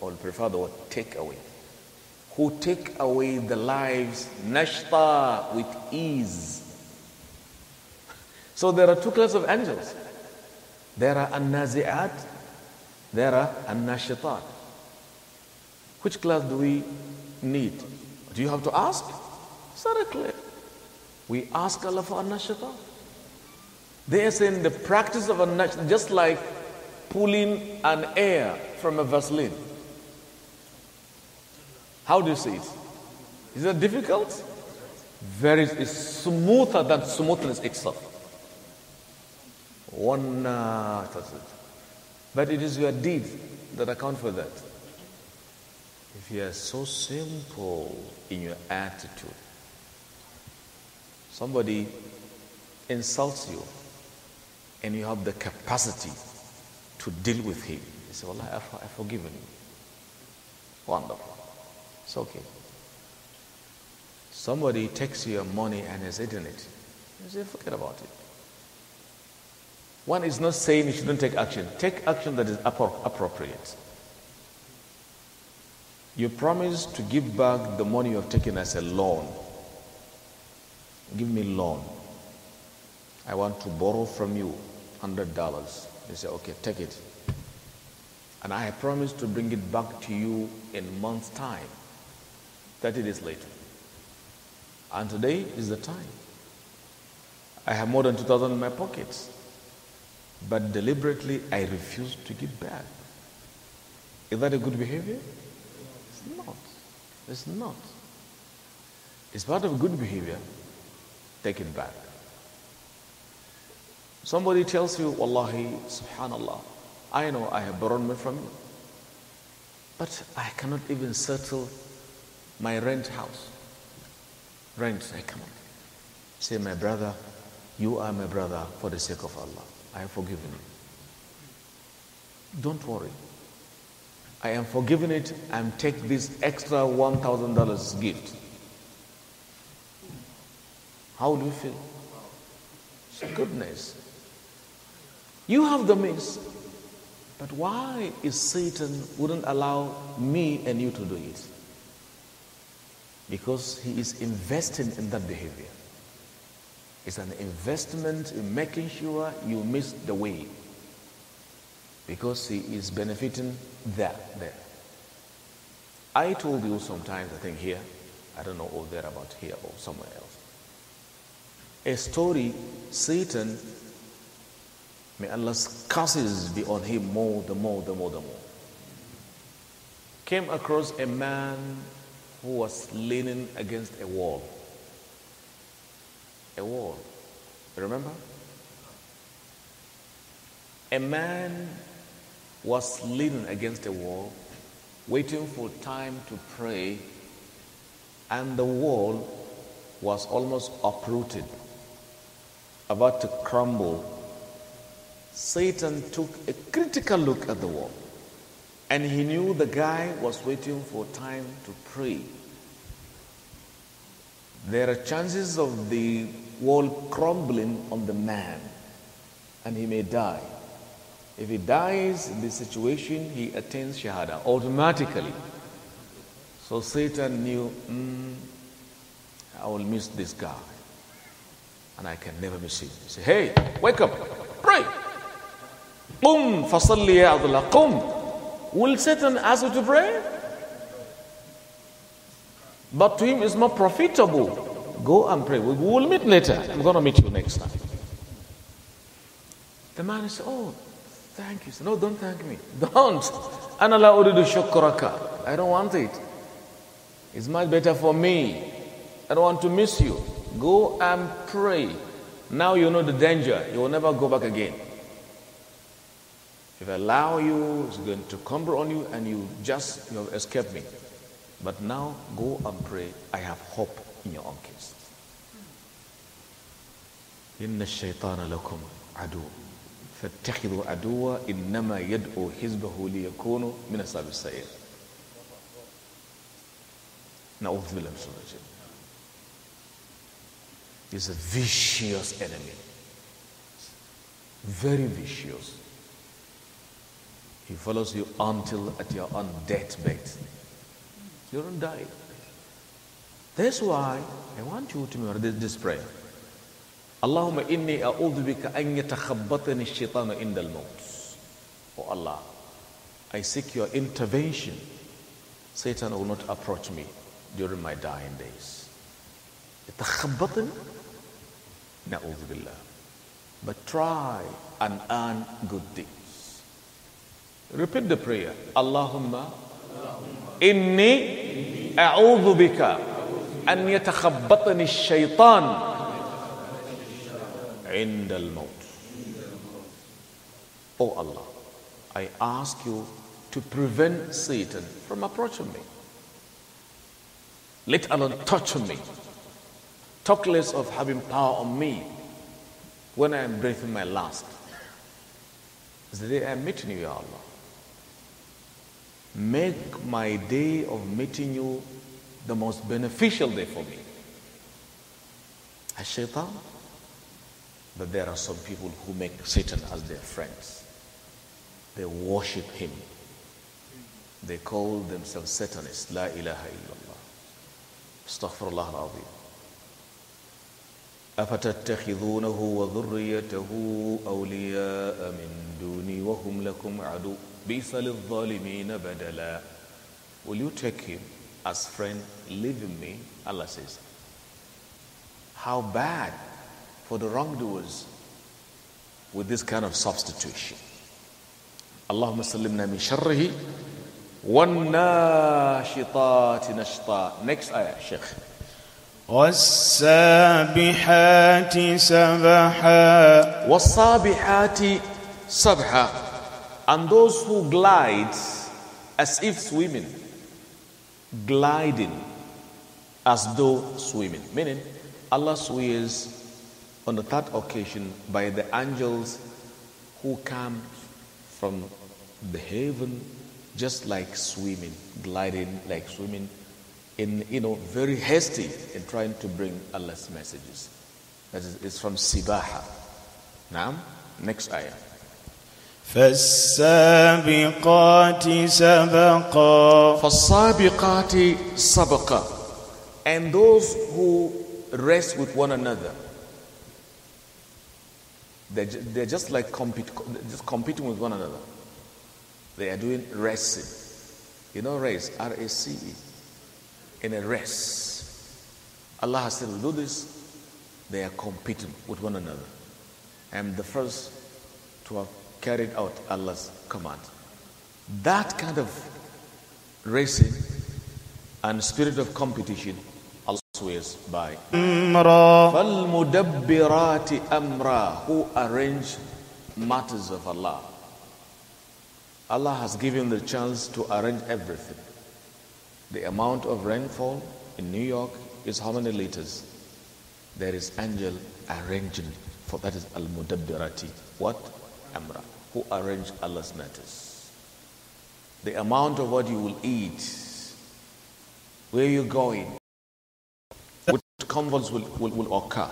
Or prefer the word take away. Who take away the lives nashta with ease. So there are two classes of angels. There are an-nazi'at, there are an-nashitat. Which class do we need? Do you have to ask? Certainly. We ask Allah for anashata. They are saying the practice of anashata, just like pulling an air from a Vaseline. How do you see it? Is that difficult? Very, it's smoother than smoothness itself. One, uh, but it is your deeds that account for that. If you are so simple in your attitude, somebody insults you and you have the capacity to deal with him. You say, Well, I've, I've forgiven you. Wonderful. It's okay. Somebody takes your money and has eaten it. You say, Forget about it. One is not saying you shouldn't take action. Take action that is appropriate. You promise to give back the money you have taken as a loan. Give me loan. I want to borrow from you $100. You say, okay, take it. And I promise to bring it back to you in month's time, 30 days later. And today is the time. I have more than 2,000 in my pockets. But deliberately, I refuse to give back. Is that a good behavior? It's not. It's part of good behavior. Take it back. Somebody tells you, Wallahi, subhanallah, I know I have borrowed money from you, but I cannot even settle my rent house. Rent, I cannot. Say, my brother, you are my brother for the sake of Allah. I have forgiven you. Don't worry. I am forgiving it. I'm taking this extra $1,000 gift. How do you feel? Goodness. You have the means. But why is Satan wouldn't allow me and you to do it? Because he is investing in that behavior. It's an investment in making sure you miss the way. Because he is benefiting there, there. I told you sometimes, I think here, I don't know, or there about here or somewhere else. A story, Satan, may Allah's curses be on him more, the more, the more, the more. Came across a man who was leaning against a wall. A wall. Remember? A man was leaning against a wall, waiting for time to pray, and the wall was almost uprooted, about to crumble. Satan took a critical look at the wall, and he knew the guy was waiting for time to pray. There are chances of the wall crumbling on the man, and he may die. If he dies in this situation, he attains Shahada automatically. So Satan knew, mm, I will miss this guy. And I can never miss him. He said, hey, wake up, pray. Qum fasalli qum. Will Satan ask you to pray? But to him it's more profitable. Go and pray. We will meet later. I'm going to meet you next time. The man said, oh, Thank you. No, don't thank me. Don't. Anala uridu shukraka. I don't want it. It's much better for me. I don't want to miss you. Go and pray. Now you know the danger. You will never go back again. If I allow you, it's going to cumber on you and you just you have escaped me. But now go and pray. I have hope in your own case. إن shaytan lakum adu. فاتخذوا عدوا إنما يدعو حزبه ليكونوا من أصحاب السعير نعوذ بالله من الشيطان is a vicious enemy. Very vicious. He follows you until at your own deathbed. You don't die. That's why I want you to remember this, this prayer. Allahumma inni a'udhu bika an yatakhabbatani shaitana indal maut. Oh Allah, I seek your intervention. Satan will not approach me during my dying days. Yatakhabbatani? Na'udhu billah. But try and earn good deeds. Repeat the prayer. Allahumma inni a'udhu bika an yatakhabbatani shaitan عند الموت O oh Allah, I ask you to prevent Satan from approaching me. Let alone touch me. Talk less of having power on me when I am breathing my last. It's the day I am meeting you, Ya Allah. Make my day of meeting you the most beneficial day for me. Ash-Shaitan that there are some people who make Satan as their friends. They worship him. They call themselves Satanists. La ilaha illallah. Astaghfirullah al-azim. أفتتخذونه وذريته أولياء من دوني وهم لكم عدو بئس للظالمين بدلا Will you take him as friend, leaving me? Allah says, How bad for the wrongdoers with this kind of substitution. اللهم سلمنا من شره والناشطات نشطا next ayah شيخ والسابحات سبحا والصابحات سبحا and those who glide as if swimming gliding as though swimming meaning Allah swears on the third occasion by the angels who come from the heaven just like swimming, gliding like swimming, in you know, very hasty in trying to bring Allah's messages. That is it's from Sibaha. Now, next ayah. فالسابقات سبقا فالسابقات سبقا and those who rest with one another they're, they're just like compete, just competing with one another. They are doing racing. You know, race, R A C E, in a race. Allah has said to do this, they are competing with one another. I am the first to have carried out Allah's command. That kind of racing and spirit of competition swears by. فَالْمُدَبِّرَاتِ أَمْرًا Who arrange matters of Allah. Allah has given the chance to arrange everything. The amount of rainfall in New York is how many liters? There is angel arranging for that is al-mudabbirati. What? Amra. Who arrange Allah's matters. The amount of what you will eat, where you're going, convulsions will, will, will occur.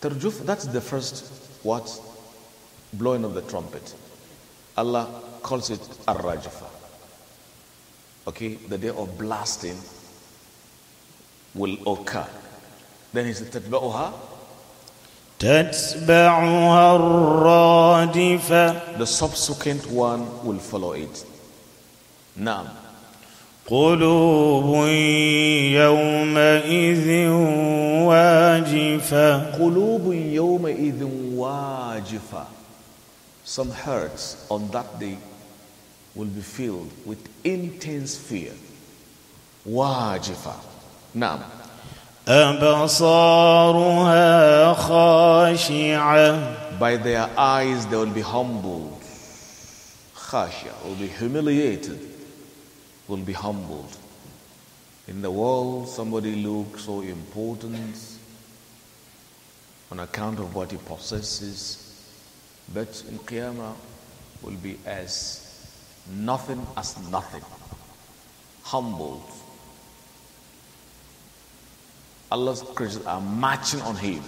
Tarjuf, that's the first what? Blowing of the trumpet. Allah calls it ar Okay, the day of blasting will occur. Then he said, Tatba'uha. Tatba'uha Ar-Radifa. The subsequent one will follow it. Now, قلوب يومئذ واجفة قلوب يومئذ واجفة Some hearts on that day will be filled with intense fear واجفة نعم أبصارها خاشعة By their eyes they will be humbled خاشعة will be humiliated will be humbled. In the world, somebody looks so important on account of what he possesses, but in Qiyamah will be as nothing as nothing, humbled. Allah's creatures are marching on him.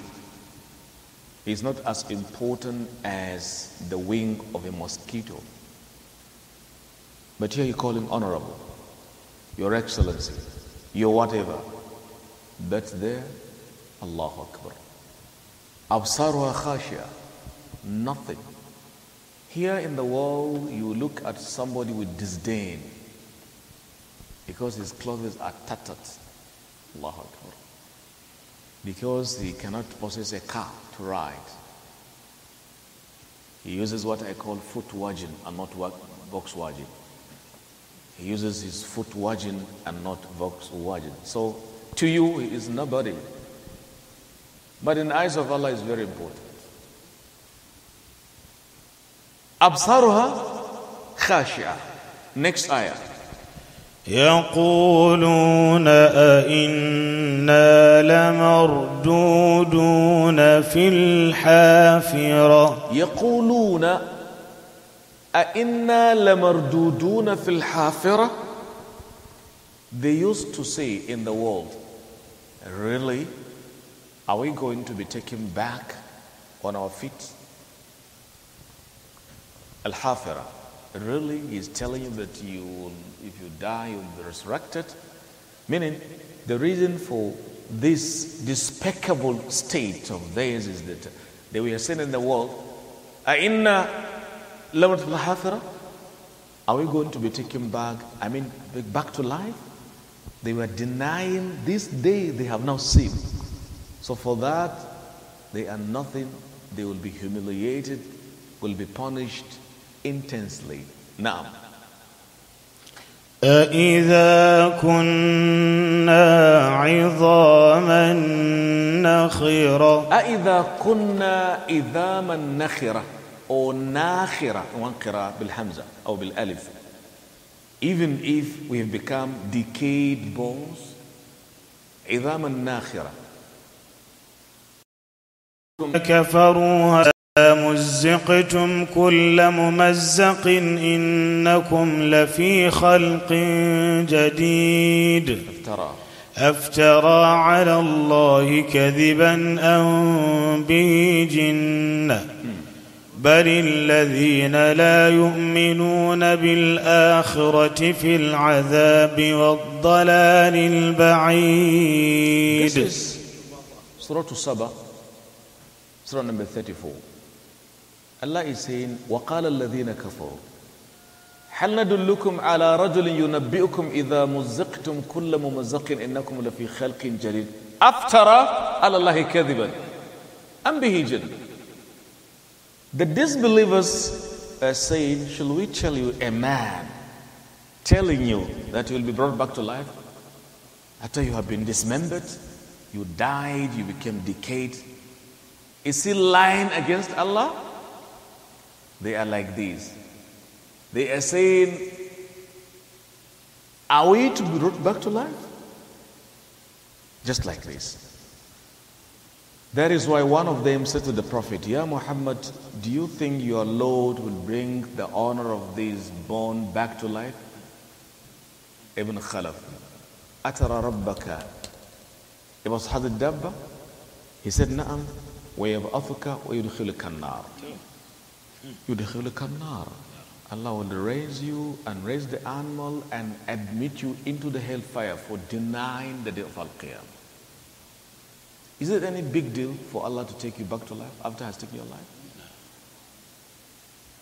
He's not as important as the wing of a mosquito. But here you call him honorable. Your Excellency, Your whatever. That's there. Allahu Akbar. Absaruha khashia. Nothing. Here in the world, you look at somebody with disdain because his clothes are tattered. Allahu Akbar. Because he cannot possess a car to ride. He uses what I call foot wajin and not box wajin. He uses his foot wajin and not vox wajin. So to you he is nobody. But in the eyes of Allah is very important. أبصارها خاشعة Next ayah يقولون أئنا لمردودون في الحافرة يقولون they used to say in the world, really, are we going to be taken back on our feet? Al-Hafira, really is telling you that you if you die, you will be resurrected. Meaning, the reason for this despicable state of theirs is that they were saying in the world, Aina of the hafira are we going to be taken back, I mean, back to life? They were denying this day they have now seen. So for that, they are nothing. They will be humiliated, will be punished intensely. Now, أإذا كنا عظاما نخرة أإذا كنا عظاما نخرة or وانقرة بالهمزة أو بالألف Even if we have become decayed bones, عظاما ناخرة كفروا مزقتم كل ممزق إنكم لفي خلق جديد افترى أفترى على الله كذبا أم به جنه بل الذين لا يؤمنون بالآخرة في العذاب والضلال البعيد سورة is سورة نمبر 34. الله is saying, وَقَالَ الَّذِينَ كَفَرُوا هل ندلكم على رجل ينبئكم إذا مزقتم كل ممزق إنكم لفي خلق جديد أفترى على الله كذبا أم به جدل The disbelievers are uh, saying, Shall we tell you a man telling you that you will be brought back to life? After you have been dismembered, you died, you became decayed. Is he lying against Allah? They are like this. They are saying, Are we to be brought back to life? Just like this. That is why one of them said to the Prophet, Ya Muhammad, do you think your Lord will bring the honor of these born back to life? Ibn Khalaf, Atara Rabbaka. It was Hazrat Dabba. He said, Na'am, وَيَبْعَثُكَ وَيُدْخِلُكَ النَّارِ يُدْخِلُكَ النَّارِ Allah will raise you and raise the animal and admit you into the hellfire for denying the day of Al-Qiyamah. Is it any big deal for Allah to take you back to life after has taken your life?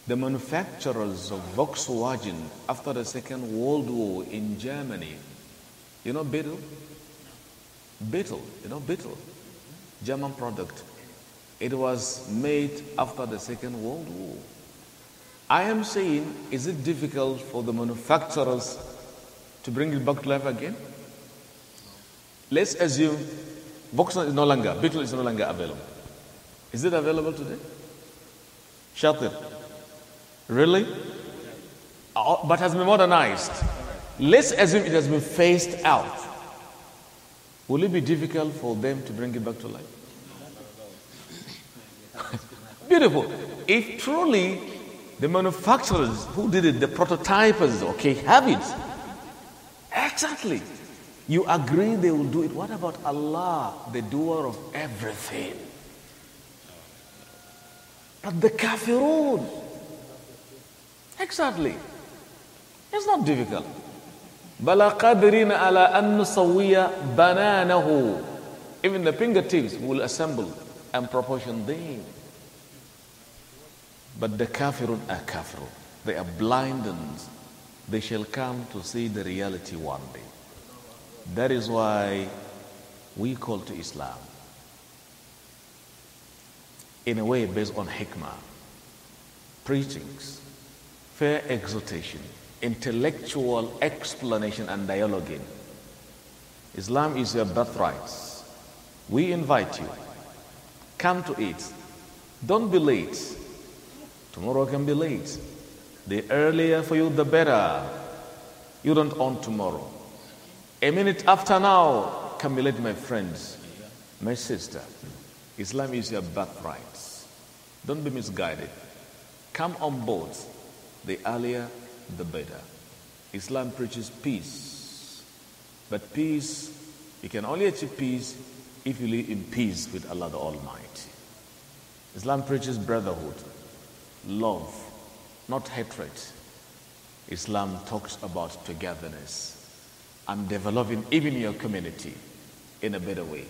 The manufacturers of Volkswagen after the Second World War in Germany, you know Beetle? Beetle, you know Beetle? German product. It was made after the Second World War. I am saying, is it difficult for the manufacturers to bring it back to life again? Let's assume Boxon is no longer, Beetle is no longer available. Is it available today? Shatir. Really? Oh, but has been modernized. Let's assume it has been phased out. Will it be difficult for them to bring it back to life? Beautiful. If truly the manufacturers who did it, the prototypers, okay, have it. Exactly. You agree they will do it. What about Allah, the doer of everything? But the kafirun. Exactly. It's not difficult. بَلَا قَادِرِينَ عَلَىٰ أَن نُصَوِّيَ بَنَانَهُ Even the fingertips will assemble and proportion them. But the kafirun are kafirun. They are blinded. They shall come to see the reality one day. That is why we call to Islam in a way based on hikmah, preachings, fair exhortation, intellectual explanation and dialoguing. Islam is your birthright. We invite you. Come to it. Don't be late. Tomorrow can be late. The earlier for you, the better. You don't own tomorrow. A minute after now, come let my friends, my sister, Islam is your birthright. Don't be misguided. Come on board. The earlier, the better. Islam preaches peace. But peace, you can only achieve peace if you live in peace with Allah the Almighty. Islam preaches brotherhood, love, not hatred. Islam talks about togetherness and developing even your community in a better way.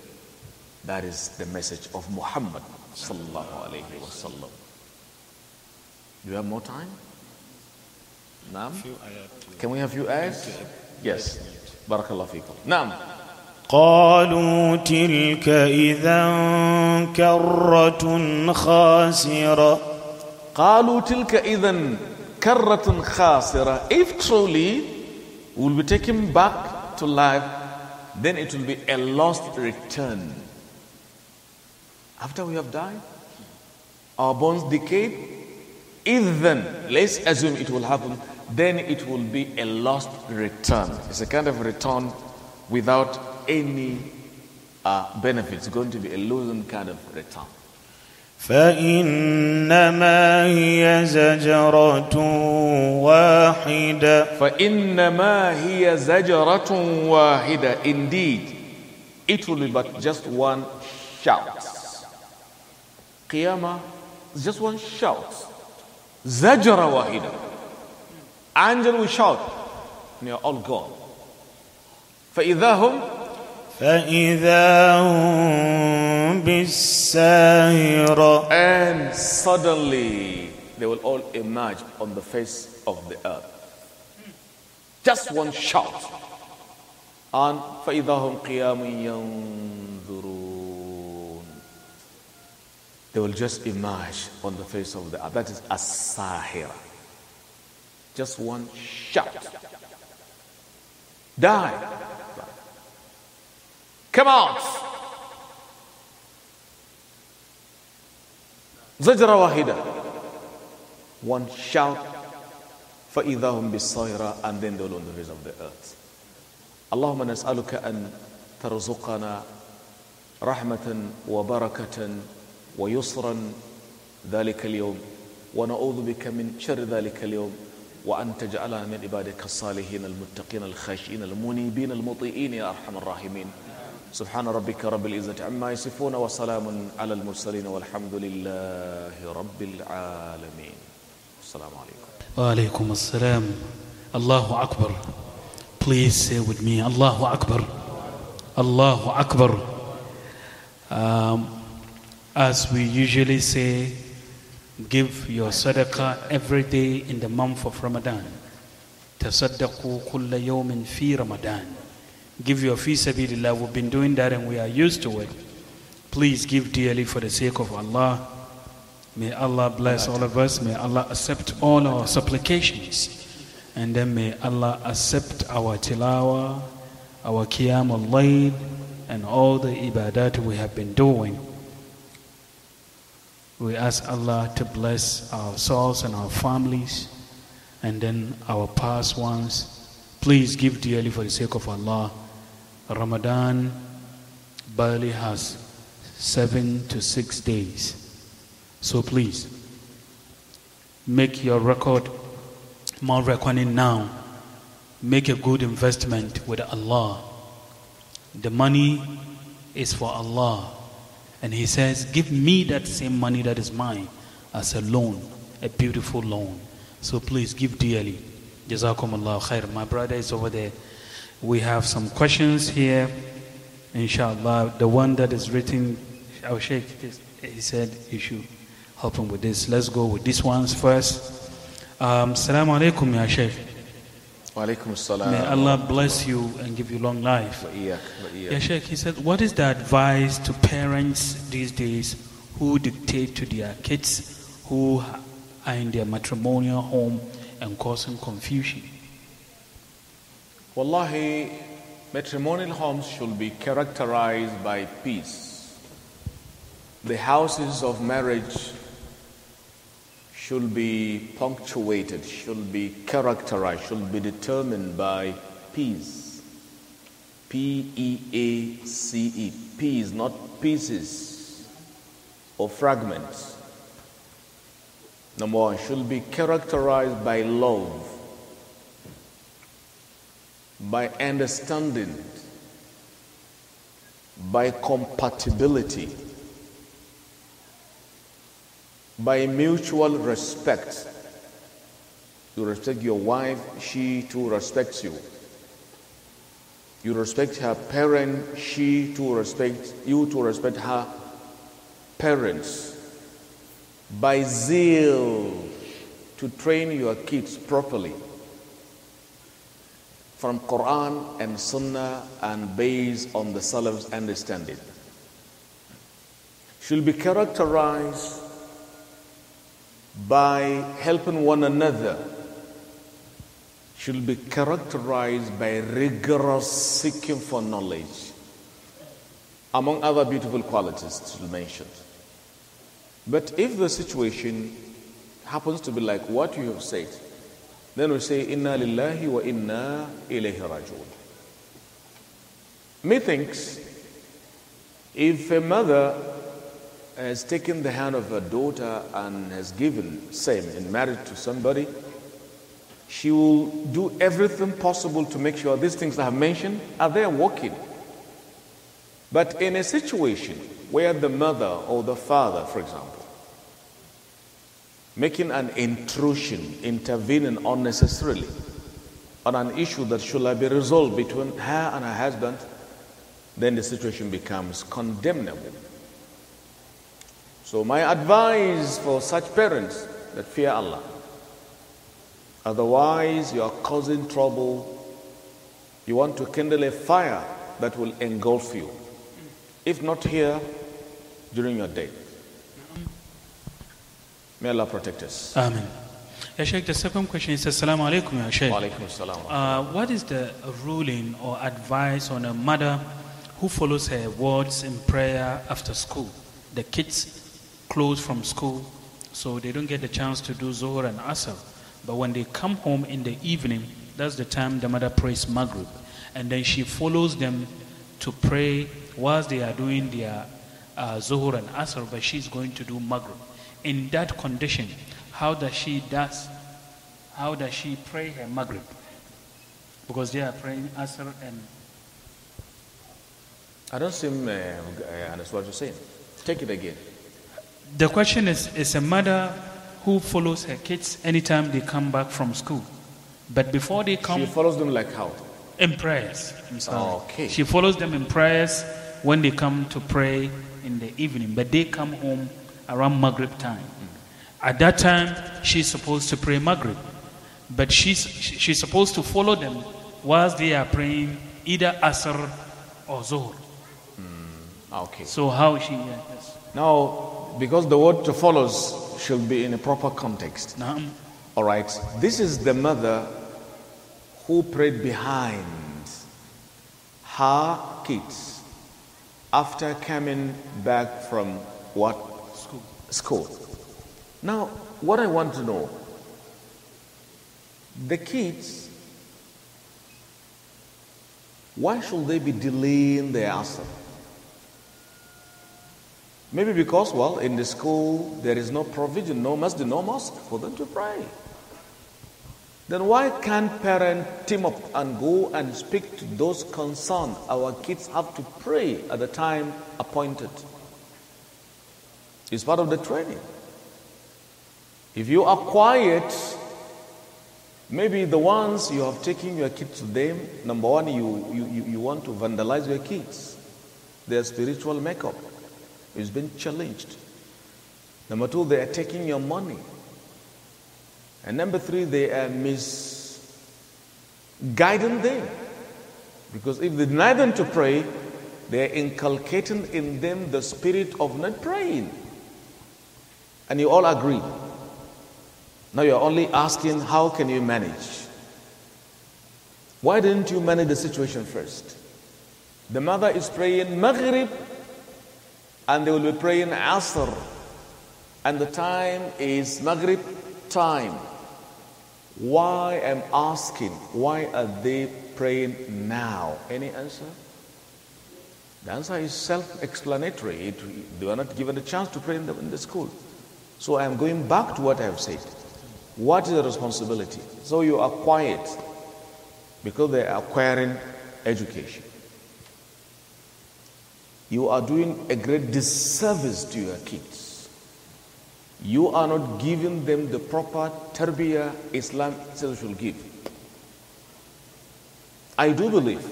That is the message of Muhammad sallallahu alaihi wasallam. Do you have more time? Naam? Can we have few ask? Yes. Barakallah feekum. Naam. قالوا تلك إذا كرة خاسرة قالوا تلك إذا كرة خاسرة If truly will be taken back to life, then it will be a lost return. After we have died, our bones decay. If then, let's assume it will happen, then it will be a lost return. It's a kind of return without any uh, benefits. It's going to be a losing kind of return. فإنما هي زجرة واحدة فإنما هي زجرة واحدة indeed it will be but just one shout قيامة is just one shout زجرة واحدة angel will shout and you are all gone فإذا هم فإذا هم بالساهرة And suddenly they will all emerge on the face of the earth. Just one shout. And فإذا هم قيام ينظرون They will just emerge on the face of the earth. That is as-sahira. Just one shout. Die. Come out. زجرة واحدة. One shout. فإذا هم بالصيرة and then they will on the face of the earth. اللهم نسألك أن ترزقنا رحمة وبركة ويسرا ذلك اليوم ونعوذ بك من شر ذلك اليوم وأن تجعلنا من عبادك الصالحين المتقين الخاشئين المنيبين المطيئين يا أرحم الراحمين سبحان ربك رب العزة عما يصفون وسلام على المرسلين والحمد لله رب العالمين السلام عليكم وعليكم السلام الله أكبر Please say with me Allahu Akbar. Allahu Akbar. um, As we usually say give your sadaqah every day in the month of Ramadan Tasaddaqu kulla yawmin fi Ramadan. Give your fee sabilillah. We've been doing that and we are used to it. Please give dearly for the sake of Allah. May Allah bless all of us. May Allah accept all our supplications. And then may Allah accept our tilawa, our qiyam al-layl, and all the ibadat we have been doing. We ask Allah to bless our souls and our families and then our past ones. Please give dearly for the sake of Allah. Ramadan barely has seven to six days. So please, make your record more reckoning now. Make a good investment with Allah. The money is for Allah. And He says, Give me that same money that is mine as a loan, a beautiful loan. So please give dearly. Jazakum Allah khair. My brother is over there. We have some questions here, inshallah. The one that is written, our Sheikh, he said you should help him with this. Let's go with these ones first. Um, Assalamu alaikum, Ya Sheikh. Wa May Allah bless you and give you long life. Wa Sheikh, he said, what is the advice to parents these days who dictate to their kids who are in their matrimonial home and causing confusion? Wallahi, matrimonial homes should be characterized by peace. The houses of marriage should be punctuated, should be characterized, should be determined by peace. P E A C E. Peace, not pieces or fragments. Number one, should be characterized by love by understanding, by compatibility, by mutual respect. You respect your wife, she too respects you. You respect her parent, she too respects you to respect her parents. By zeal to train your kids properly from Quran and Sunnah and based on the Salaf's understanding she'll be characterized by helping one another She'll be characterized by rigorous seeking for knowledge among other beautiful qualities to be mentioned but if the situation happens to be like what you have said then we say, Inna lillahi wa inna ilayhi rajoon. Methinks, if a mother has taken the hand of her daughter and has given same in marriage to somebody, she will do everything possible to make sure these things I have mentioned are there working. But in a situation where the mother or the father, for example, making an intrusion, intervening unnecessarily on an issue that should have been resolved between her and her husband, then the situation becomes condemnable. So, my advice for such parents that fear Allah, otherwise, you are causing trouble. You want to kindle a fire that will engulf you, if not here, during your day. May Allah protect us. Amen. Ya Sheikh, the second question is Assalamu alaikum, Ya Sheikh. Uh, what is the ruling or advice on a mother who follows her words in prayer after school? The kids close from school, so they don't get the chance to do Zohar and Asr. But when they come home in the evening, that's the time the mother prays Maghrib. And then she follows them to pray whilst they are doing their uh, Zohar and Asr, but she's going to do Maghrib in that condition, how does she does, how does she pray her Maghrib? Because they are praying Asr and. I don't seem uh, understand what you're saying. Take it again. The question is: Is a mother who follows her kids anytime they come back from school, but before they come, she follows them like how? In prayers. Okay. She follows them in prayers when they come to pray in the evening, but they come home around Maghrib time. At that time, she's supposed to pray Maghrib, but she's, she's supposed to follow them whilst they are praying either Asr or Zohr. Mm, ah, okay. So how is she? yes. Now, because the word to follows should be in a proper context. All right. This is the mother who prayed behind her kids after coming back from what score. Now, what I want to know, the kids, why should they be delaying their answer? Maybe because, well, in the school there is no provision, no masjid, no mosque for them to pray. Then why can't parents team up and go and speak to those concerned? Our kids have to pray at the time appointed. It's part of the training. If you are quiet, maybe the ones you have taken your kids to them, number one, you, you, you want to vandalize your kids. Their spiritual makeup is being challenged. Number two, they are taking your money. And number three, they are misguiding them. Because if they deny them to pray, they are inculcating in them the spirit of not praying. And you all agree. Now you're only asking, how can you manage? Why didn't you manage the situation first? The mother is praying Maghrib and they will be praying Asr. And the time is Maghrib time. Why am asking? Why are they praying now? Any answer? The answer is self explanatory. They were not given a chance to pray in the, in the school. So I am going back to what I have said. What is the responsibility? So you are quiet because they are acquiring education. You are doing a great disservice to your kids. You are not giving them the proper tarbiyah Islam says should give. I do believe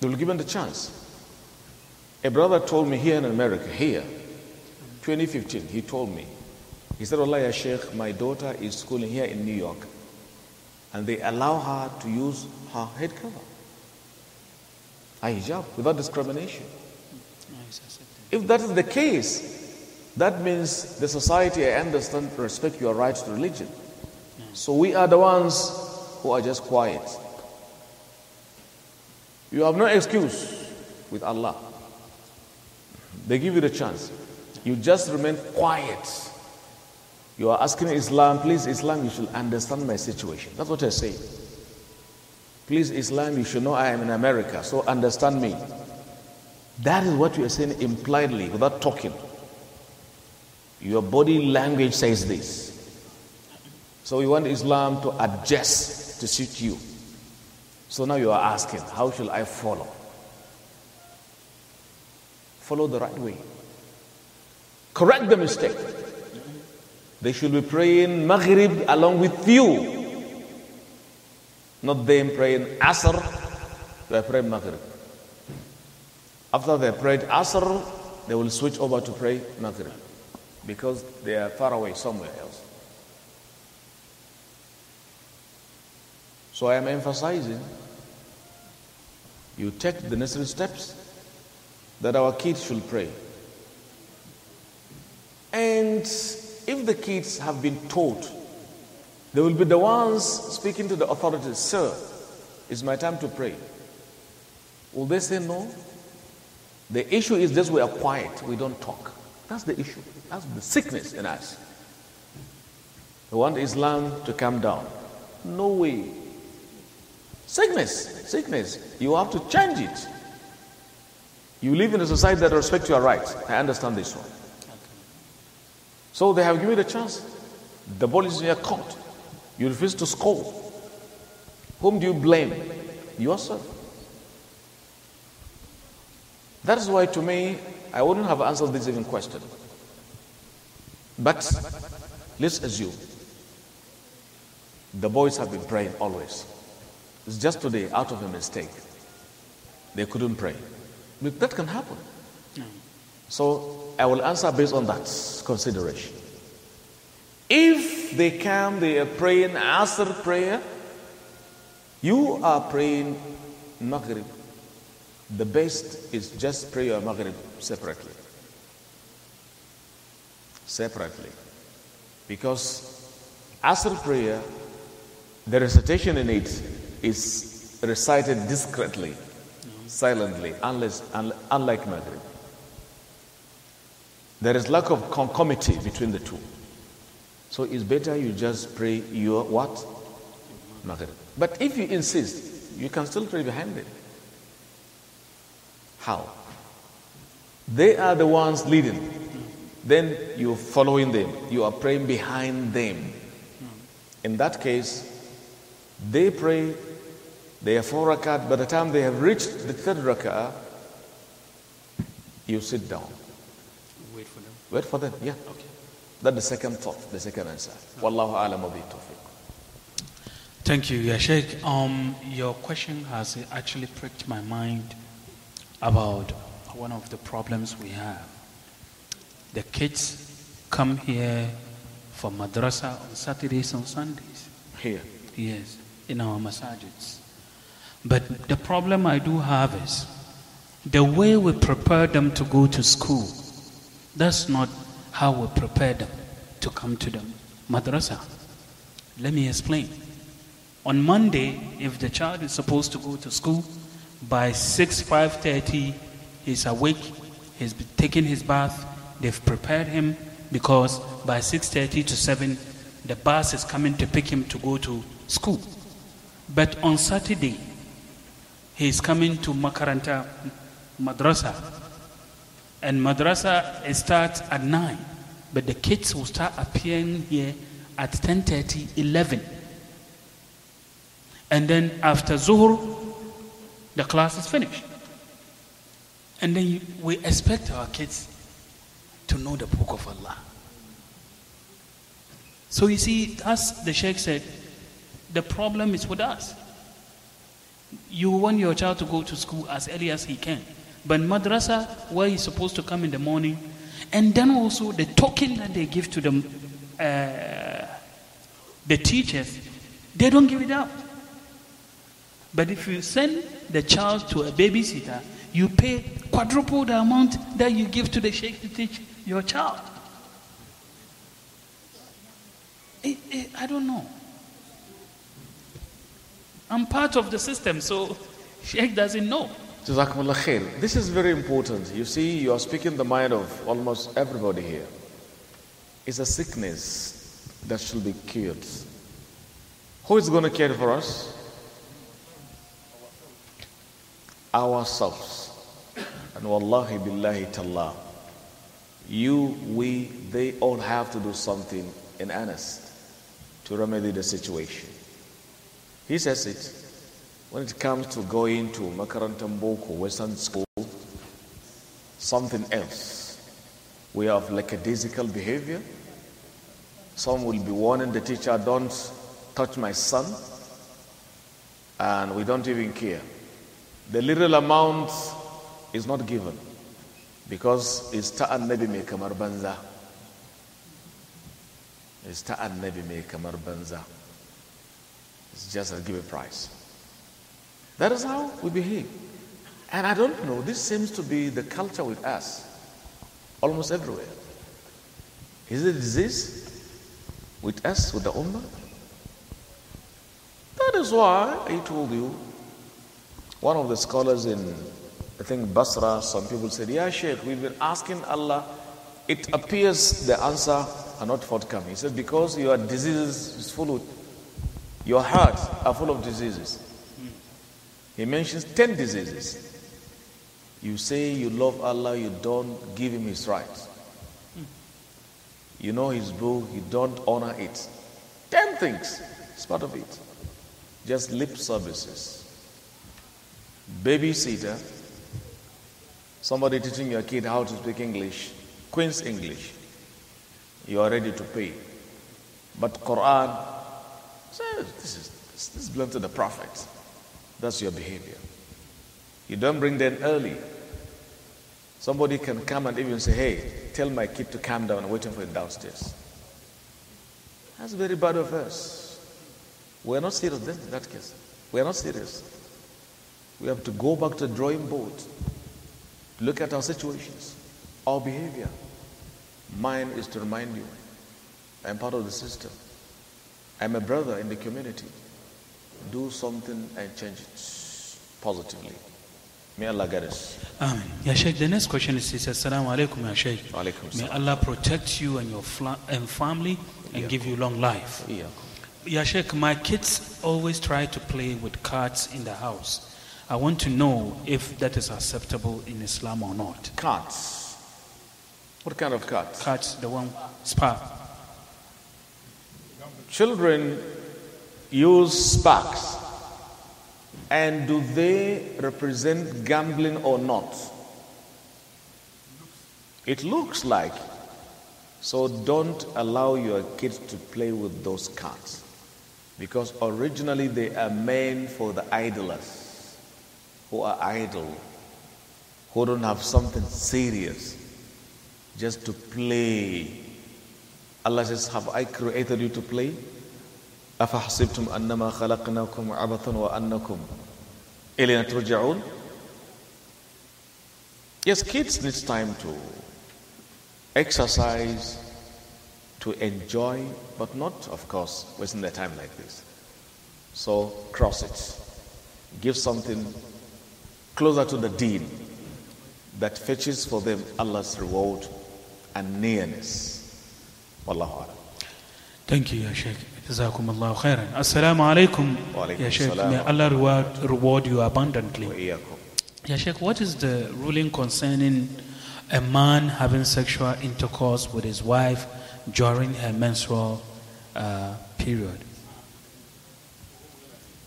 they will give them the chance. A brother told me here in America, here, 2015, he told me, he said, Allah, Sheikh, my daughter is schooling here in New York, and they allow her to use her head cover, a hijab, without discrimination. If that is the case, that means the society, I understand, respect your rights to religion. So we are the ones who are just quiet. You have no excuse with Allah. They give you the chance. You just remain quiet. You are asking Islam, please, Islam, you should understand my situation. That's what I say. Please, Islam, you should know I am in America, so understand me. That is what you are saying impliedly without talking. Your body language says this. So you want Islam to adjust to suit you. So now you are asking, how shall I follow? Follow the right way. Correct the mistake. They should be praying Maghrib along with you. Not them praying Asr, they pray Maghrib. After they prayed Asr, they will switch over to pray Maghrib because they are far away somewhere else. So I am emphasizing you take the necessary steps that our kids should pray if the kids have been taught, they will be the ones speaking to the authorities, Sir, it's my time to pray. Will they say no? The issue is this we are quiet, we don't talk. That's the issue. That's the sickness in us. We want Islam to come down. No way. Sickness, sickness. You have to change it. You live in a society that respects your rights. I understand this one. So they have given the chance. The ball is in your court. You refuse to score. Whom do you blame? Yourself. That is why, to me, I wouldn't have answered this even question. But let's assume the boys have been praying always. It's just today, out of a mistake, they couldn't pray. But that can happen. So I will answer based on that consideration. If they come, they are praying Asr prayer, you are praying Maghrib. The best is just pray your Maghrib separately. Separately. Because Asr prayer, the recitation in it is recited discreetly, silently, unless, unlike Maghrib. There is lack of conformity between the two. So it's better you just pray your what? Maghrib. But if you insist, you can still pray behind it. How? They are the ones leading. Then you're following them. You are praying behind them. In that case, they pray they are four rakat. By the time they have reached the third rakah, you sit down. Wait for them. Yeah. Okay. That's the second thought, the second answer. Wallahu alam bi tawfiq. Thank you, Ya Sheikh. Um, your question has actually pricked my mind about one of the problems we have. The kids come here for madrasa on Saturdays and Sundays. Here? Yes, in our masajids. But the problem I do have is the way we prepare them to go to school that's not how we prepare them to come to the madrasa. Let me explain. On Monday, if the child is supposed to go to school by 6 5:30, he's awake, he's taking his bath, they've prepared him because by 6:30 to 7 the bus is coming to pick him to go to school. But on Saturday, he is coming to Makaranta Madrasa and madrasa starts at 9. But the kids will start appearing here at 10.30, 11. And then after Zuhr, the class is finished. And then we expect our kids to know the book of Allah. So you see, as the Sheikh said, the problem is with us. You want your child to go to school as early as he can. But in madrasa, where he's supposed to come in the morning, and then also the talking that they give to the, uh, the teachers, they don't give it up. But if you send the child to a babysitter, you pay quadruple the amount that you give to the sheikh to teach your child. It, eh, it, eh, I don't know. I'm part of the system, so sheikh doesn't know. Jazakumullah khair. This is very important. You see, you are speaking the mind of almost everybody here. It's a sickness that should be cured. Who is going to care for us? Ourselves. And wallahi billahi tallah. You, we, they all have to do something in earnest to remedy the situation. He says it. When it comes to going to Makarantan Boko, Western School, something else. We have lackadaisical behavior. Some will be warning the teacher, don't touch my son. And we don't even care. The little amount is not given because it's ta'an nebi me kamarbanza. It's ta'an nebi me kamarbanza. It's just a give a price. That is how we behave. And I don't know, this seems to be the culture with us almost everywhere. Is it disease with us, with the Ummah? That is why I told you, one of the scholars in, I think, Basra, some people said, Yeah, Sheikh, we've been asking Allah. It appears the answer are not forthcoming. He said, Because your diseases is full of, your hearts are full of diseases. He mentions 10 diseases. You say you love Allah, you don't give Him His rights. You know His book, you don't honor it. 10 things, it's part of it. Just lip services. Babysitter, somebody teaching your kid how to speak English, Queen's English. You are ready to pay. But Quran says, this is, this is to the prophets. That's your behavior. You don't bring them early. Somebody can come and even say, hey, tell my kid to calm down. I'm waiting for him downstairs. That's very bad of us. We're not serious then, in that case. We're not serious. We have to go back to the drawing board, look at our situations, our behavior. Mine is to remind you I'm part of the system, I'm a brother in the community do something and change it positively. May Allah guide us. Amen. Ya Sheikh, the next question is, is Assalamu alaikum, Ya Sheikh. Alaikum May Allah protect you and your and family and give you long life. Yeah. Ya Sheikh, my kids always try to play with cards in the house. I want to know if that is acceptable in Islam or not. Cards. What kind of cards? Cards, the one, spa. Children use sparks. And do they represent gambling or not? It looks like. So don't allow your kids to play with those cards. Because originally they are meant for the idlers who are idle, who don't have something serious, just to play. Allah says, Have I created you to play? أفحسبتم أنما خلقناكم عبثا وأنكم إلينا ترجعون Yes, kids need time to exercise, to enjoy, but not, of course, wasting their time like this. So cross it. Give something closer to the deen that fetches for them Allah's reward and nearness. Wallahu Thank you, Ya Sheikh. Jazakumullahu khairan. Assalamu alaikum. Ya Sheikh, may Allah reward, reward you abundantly. Ya Sheikh, what is the ruling concerning a man having sexual intercourse with his wife during her menstrual uh, period?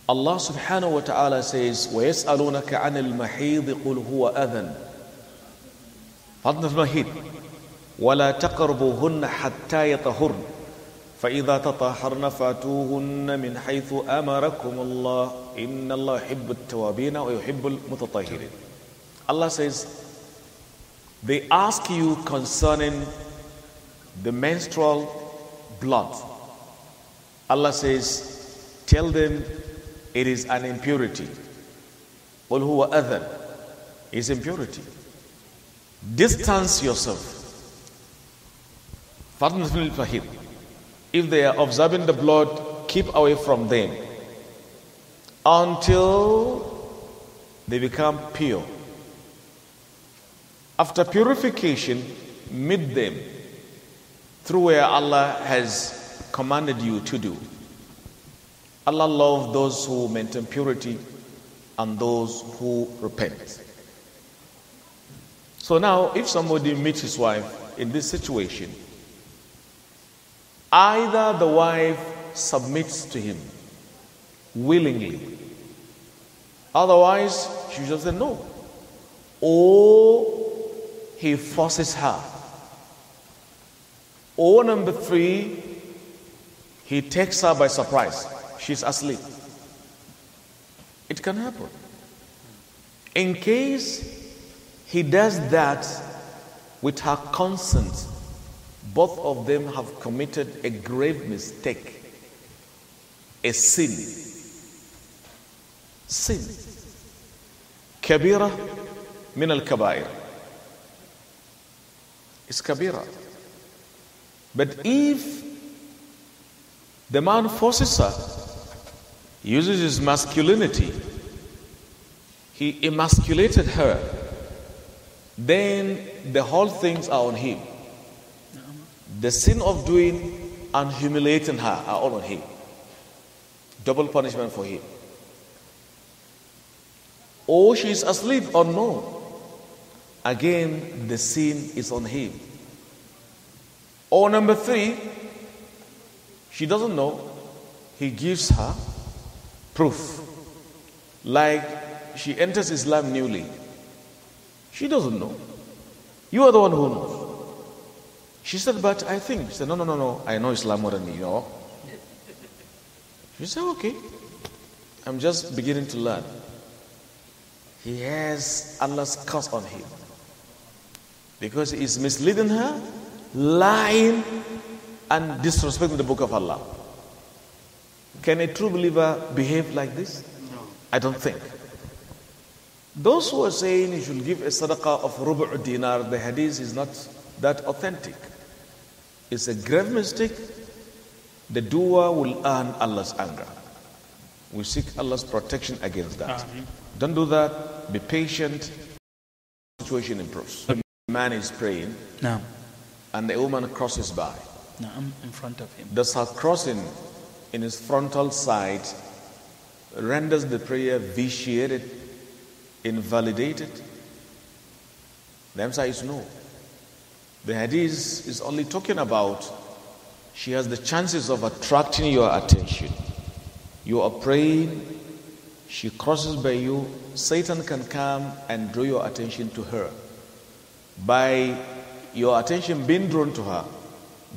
Allah subhanahu wa ta'ala says, وَيَسْأَلُونَكَ عَنِ الْمَحِيضِ قُلْ هُوَ أَذًى فَضْنَ الْمَحِيضِ وَلَا تَقْرْبُهُنَّ حَتَّى يَطَهُرْنَ فإذا تطهرن فاتوهن من حيث أمركم الله إن الله يحب التوابين ويحب المتطهرين Allah says they ask you concerning the menstrual blood Allah says tell them it is an impurity قل هو أذن is impurity distance yourself فاتنة الفهيم If they are observing the blood, keep away from them until they become pure. After purification, meet them through where Allah has commanded you to do. Allah loves those who maintain purity and those who repent. So now, if somebody meets his wife in this situation, Either the wife submits to him willingly, otherwise, she just said no, or he forces her. Or number three, he takes her by surprise. She's asleep. It can happen. In case he does that with her consent, both of them have committed a grave mistake, a sin. Sin. Kabira min al kabair. It's kabira. But if the man forces her, uses his masculinity, he emasculated her, then the whole things are on him. The sin of doing and humiliating her are all on him. Double punishment for him. Or oh, she is asleep or no. Again, the sin is on him. Or number three, she doesn't know. He gives her proof. Like she enters Islam newly. She doesn't know. You are the one who knows. She said, but I think. She said, no, no, no, no. I know Islam more than you know. She said, okay. I'm just beginning to learn. He has Allah's curse on him. Because he is misleading her, lying, and disrespecting the book of Allah. Can a true believer behave like this? No. I don't think. Those who are saying you should give a sadaqah of rubu' dinar, the hadith is not that authentic is a grave mistake, the doer will earn Allah's anger. We seek Allah's protection against that. Uh -huh. Don't do that. Be patient. Situation improves. A man is praying, no. and the woman crosses by. No, I'm in front of him. Does her crossing in his frontal sight renders the prayer vitiated, invalidated? The answer is no. The hadith is only talking about she has the chances of attracting your attention. You are praying, she crosses by you, Satan can come and draw your attention to her. By your attention being drawn to her,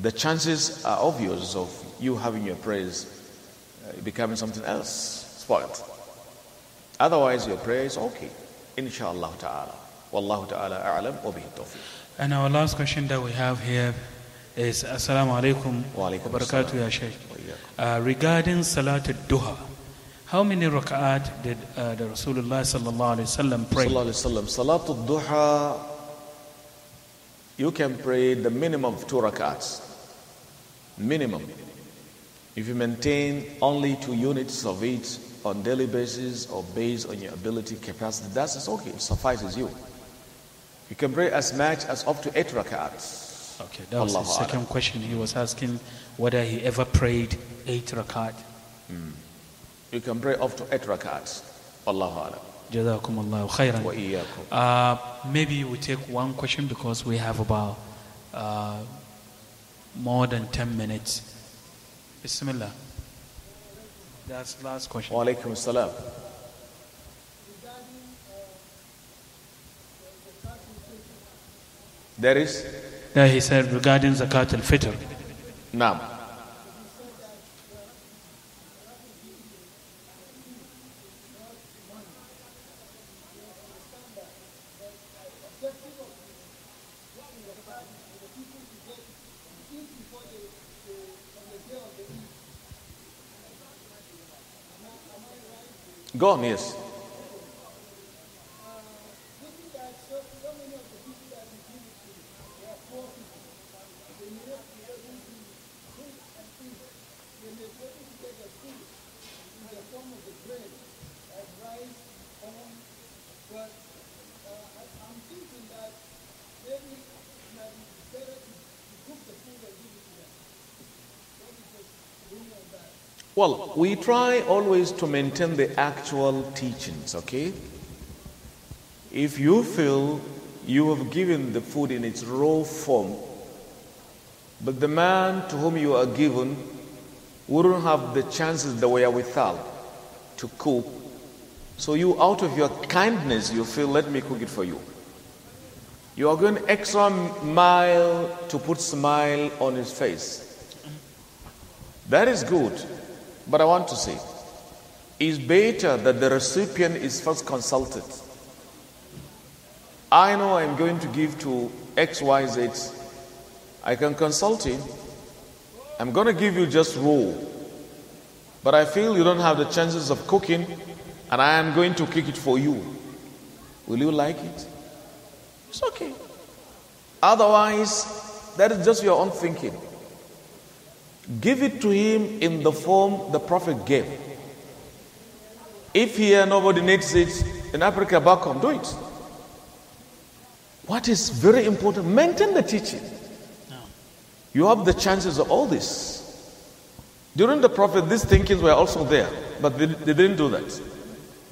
the chances are obvious of you having your prayers uh, becoming something else, spoiled. Otherwise, your prayer is okay, inshallah ta'ala. Wallahu ta'ala a'lam wa bihi tawfiq. And our last question that we have here is Assalamu alaikum wa barakatuh ya Uh, regarding salat Duha, how many rak'at did uh, the Rasulullah sallallahu alayhi wasallam pray? Salat Duha, you can pray the minimum of two rak'ats. Minimum. If you maintain only two units of it on daily basis or based on your ability, capacity, that's okay. It suffices you. You can pray as much as up to eight rak'ats. Okay, that was the second question. He was asking whether he ever prayed eight rakat. Mm. You can pray up to eight rak'ats. Allahu Akbar. جزاكم الله خيرا وإياكم. Uh, maybe we take one question because we have about uh, more than 10 minutes. Bismillah. That's last question. alaikum There is? There he said regarding zakat al fitr. Now. Gone, yes. Well, we try always to maintain the actual teachings, okay? If you feel you have given the food in its raw form, but the man to whom you are given wouldn't have the chances the way withal to cook. So you, out of your kindness, you feel, let me cook it for you. You are going extra mile to put smile on his face. That is good. But I want to say, it's better that the recipient is first consulted. I know I'm going to give to XYZ. I can consult him. I'm going to give you just raw. But I feel you don't have the chances of cooking, and I am going to cook it for you. Will you like it? It's okay. Otherwise, that is just your own thinking. Give it to him in the form the Prophet gave. If here nobody needs it, in Africa, back home, do it. What is very important, maintain the teaching. You have the chances of all this. During the Prophet, these thinkings were also there, but they, they didn't do that.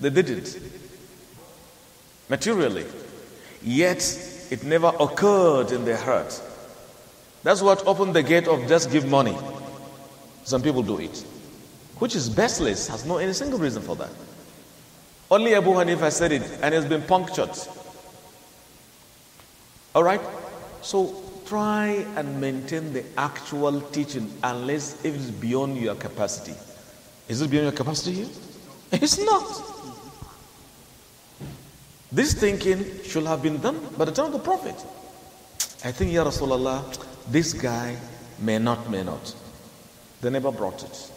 They didn't. Materially. Yet, it never occurred in their heart. That's what opened the gate of just give money. Some people do it, which is baseless, has no any single reason for that. Only Abu Hanifa said it and it's been punctured. All right? So try and maintain the actual teaching unless it is beyond your capacity. Is it beyond your capacity here? It's not. This thinking should have been done by the time of the Prophet. I think, Ya Rasulullah, this guy may not, may not. They never brought it.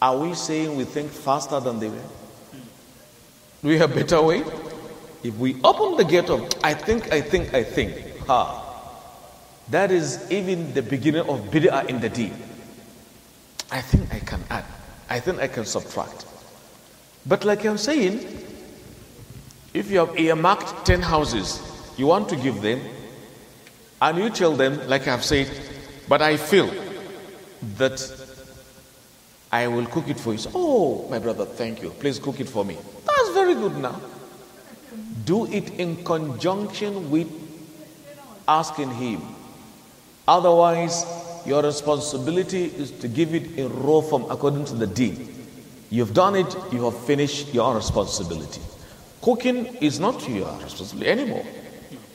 Are we saying we think faster than they were? Do we have better way? If we open the gate of I think, I think, I think, ha, that is even the beginning of bid'ah in the deed. I think I can add. I think I can subtract. But like I'm saying, if you have earmarked 10 houses, you want to give them, and you tell them, like I've said, but I feel that I will cook it for you. So, oh, my brother, thank you. Please cook it for me. That's very good now. Do it in conjunction with asking him. Otherwise, your responsibility is to give it in raw form according to the deed. You've done it, you have finished your responsibility. Cooking is not your responsibility anymore.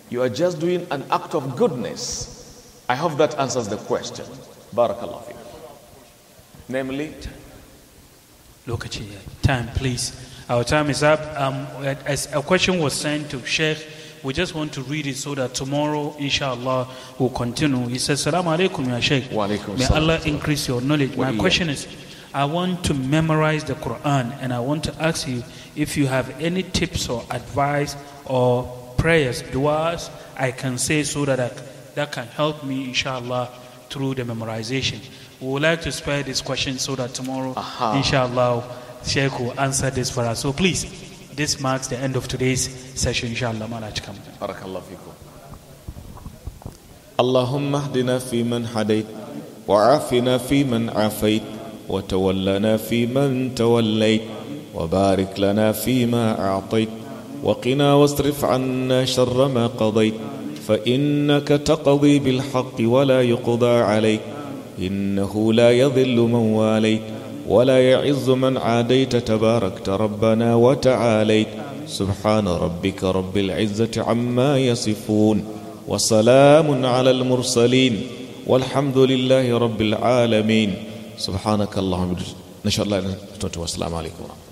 You are just doing an act of goodness. I hope that answers the question. Barakallah namely look at you. time please our time is up um, as a question was sent to sheikh we just want to read it so that tomorrow inshallah we'll continue he says salaam alaikum ya sheikh Wa may allah increase your knowledge my question is i want to memorize the quran and i want to ask you if you have any tips or advice or prayers du'as i can say so that I, that can help me inshallah through the memorization We would like to spare this question so that tomorrow, uh-huh. inshallah, Sheikh will answer this for us. So please, this marks the end of today's session, inshallah. Malachkam. Barakallah fikum. اللهم اهدنا فيمن هديت وعافنا فيمن عافيت وتولنا فيمن توليت وبارك لنا فيما أعطيت وقنا واصرف عنا شر ما قضيت فإنك تقضي بالحق ولا يقضى عليك إنه لا يذل من واليت ولا يعز من عاديت تباركت ربنا وتعاليت سبحان ربك رب العزة عما يصفون وسلام على المرسلين والحمد لله رب العالمين سبحانك اللهم نشهد الله أن والسلام عليكم ورحمة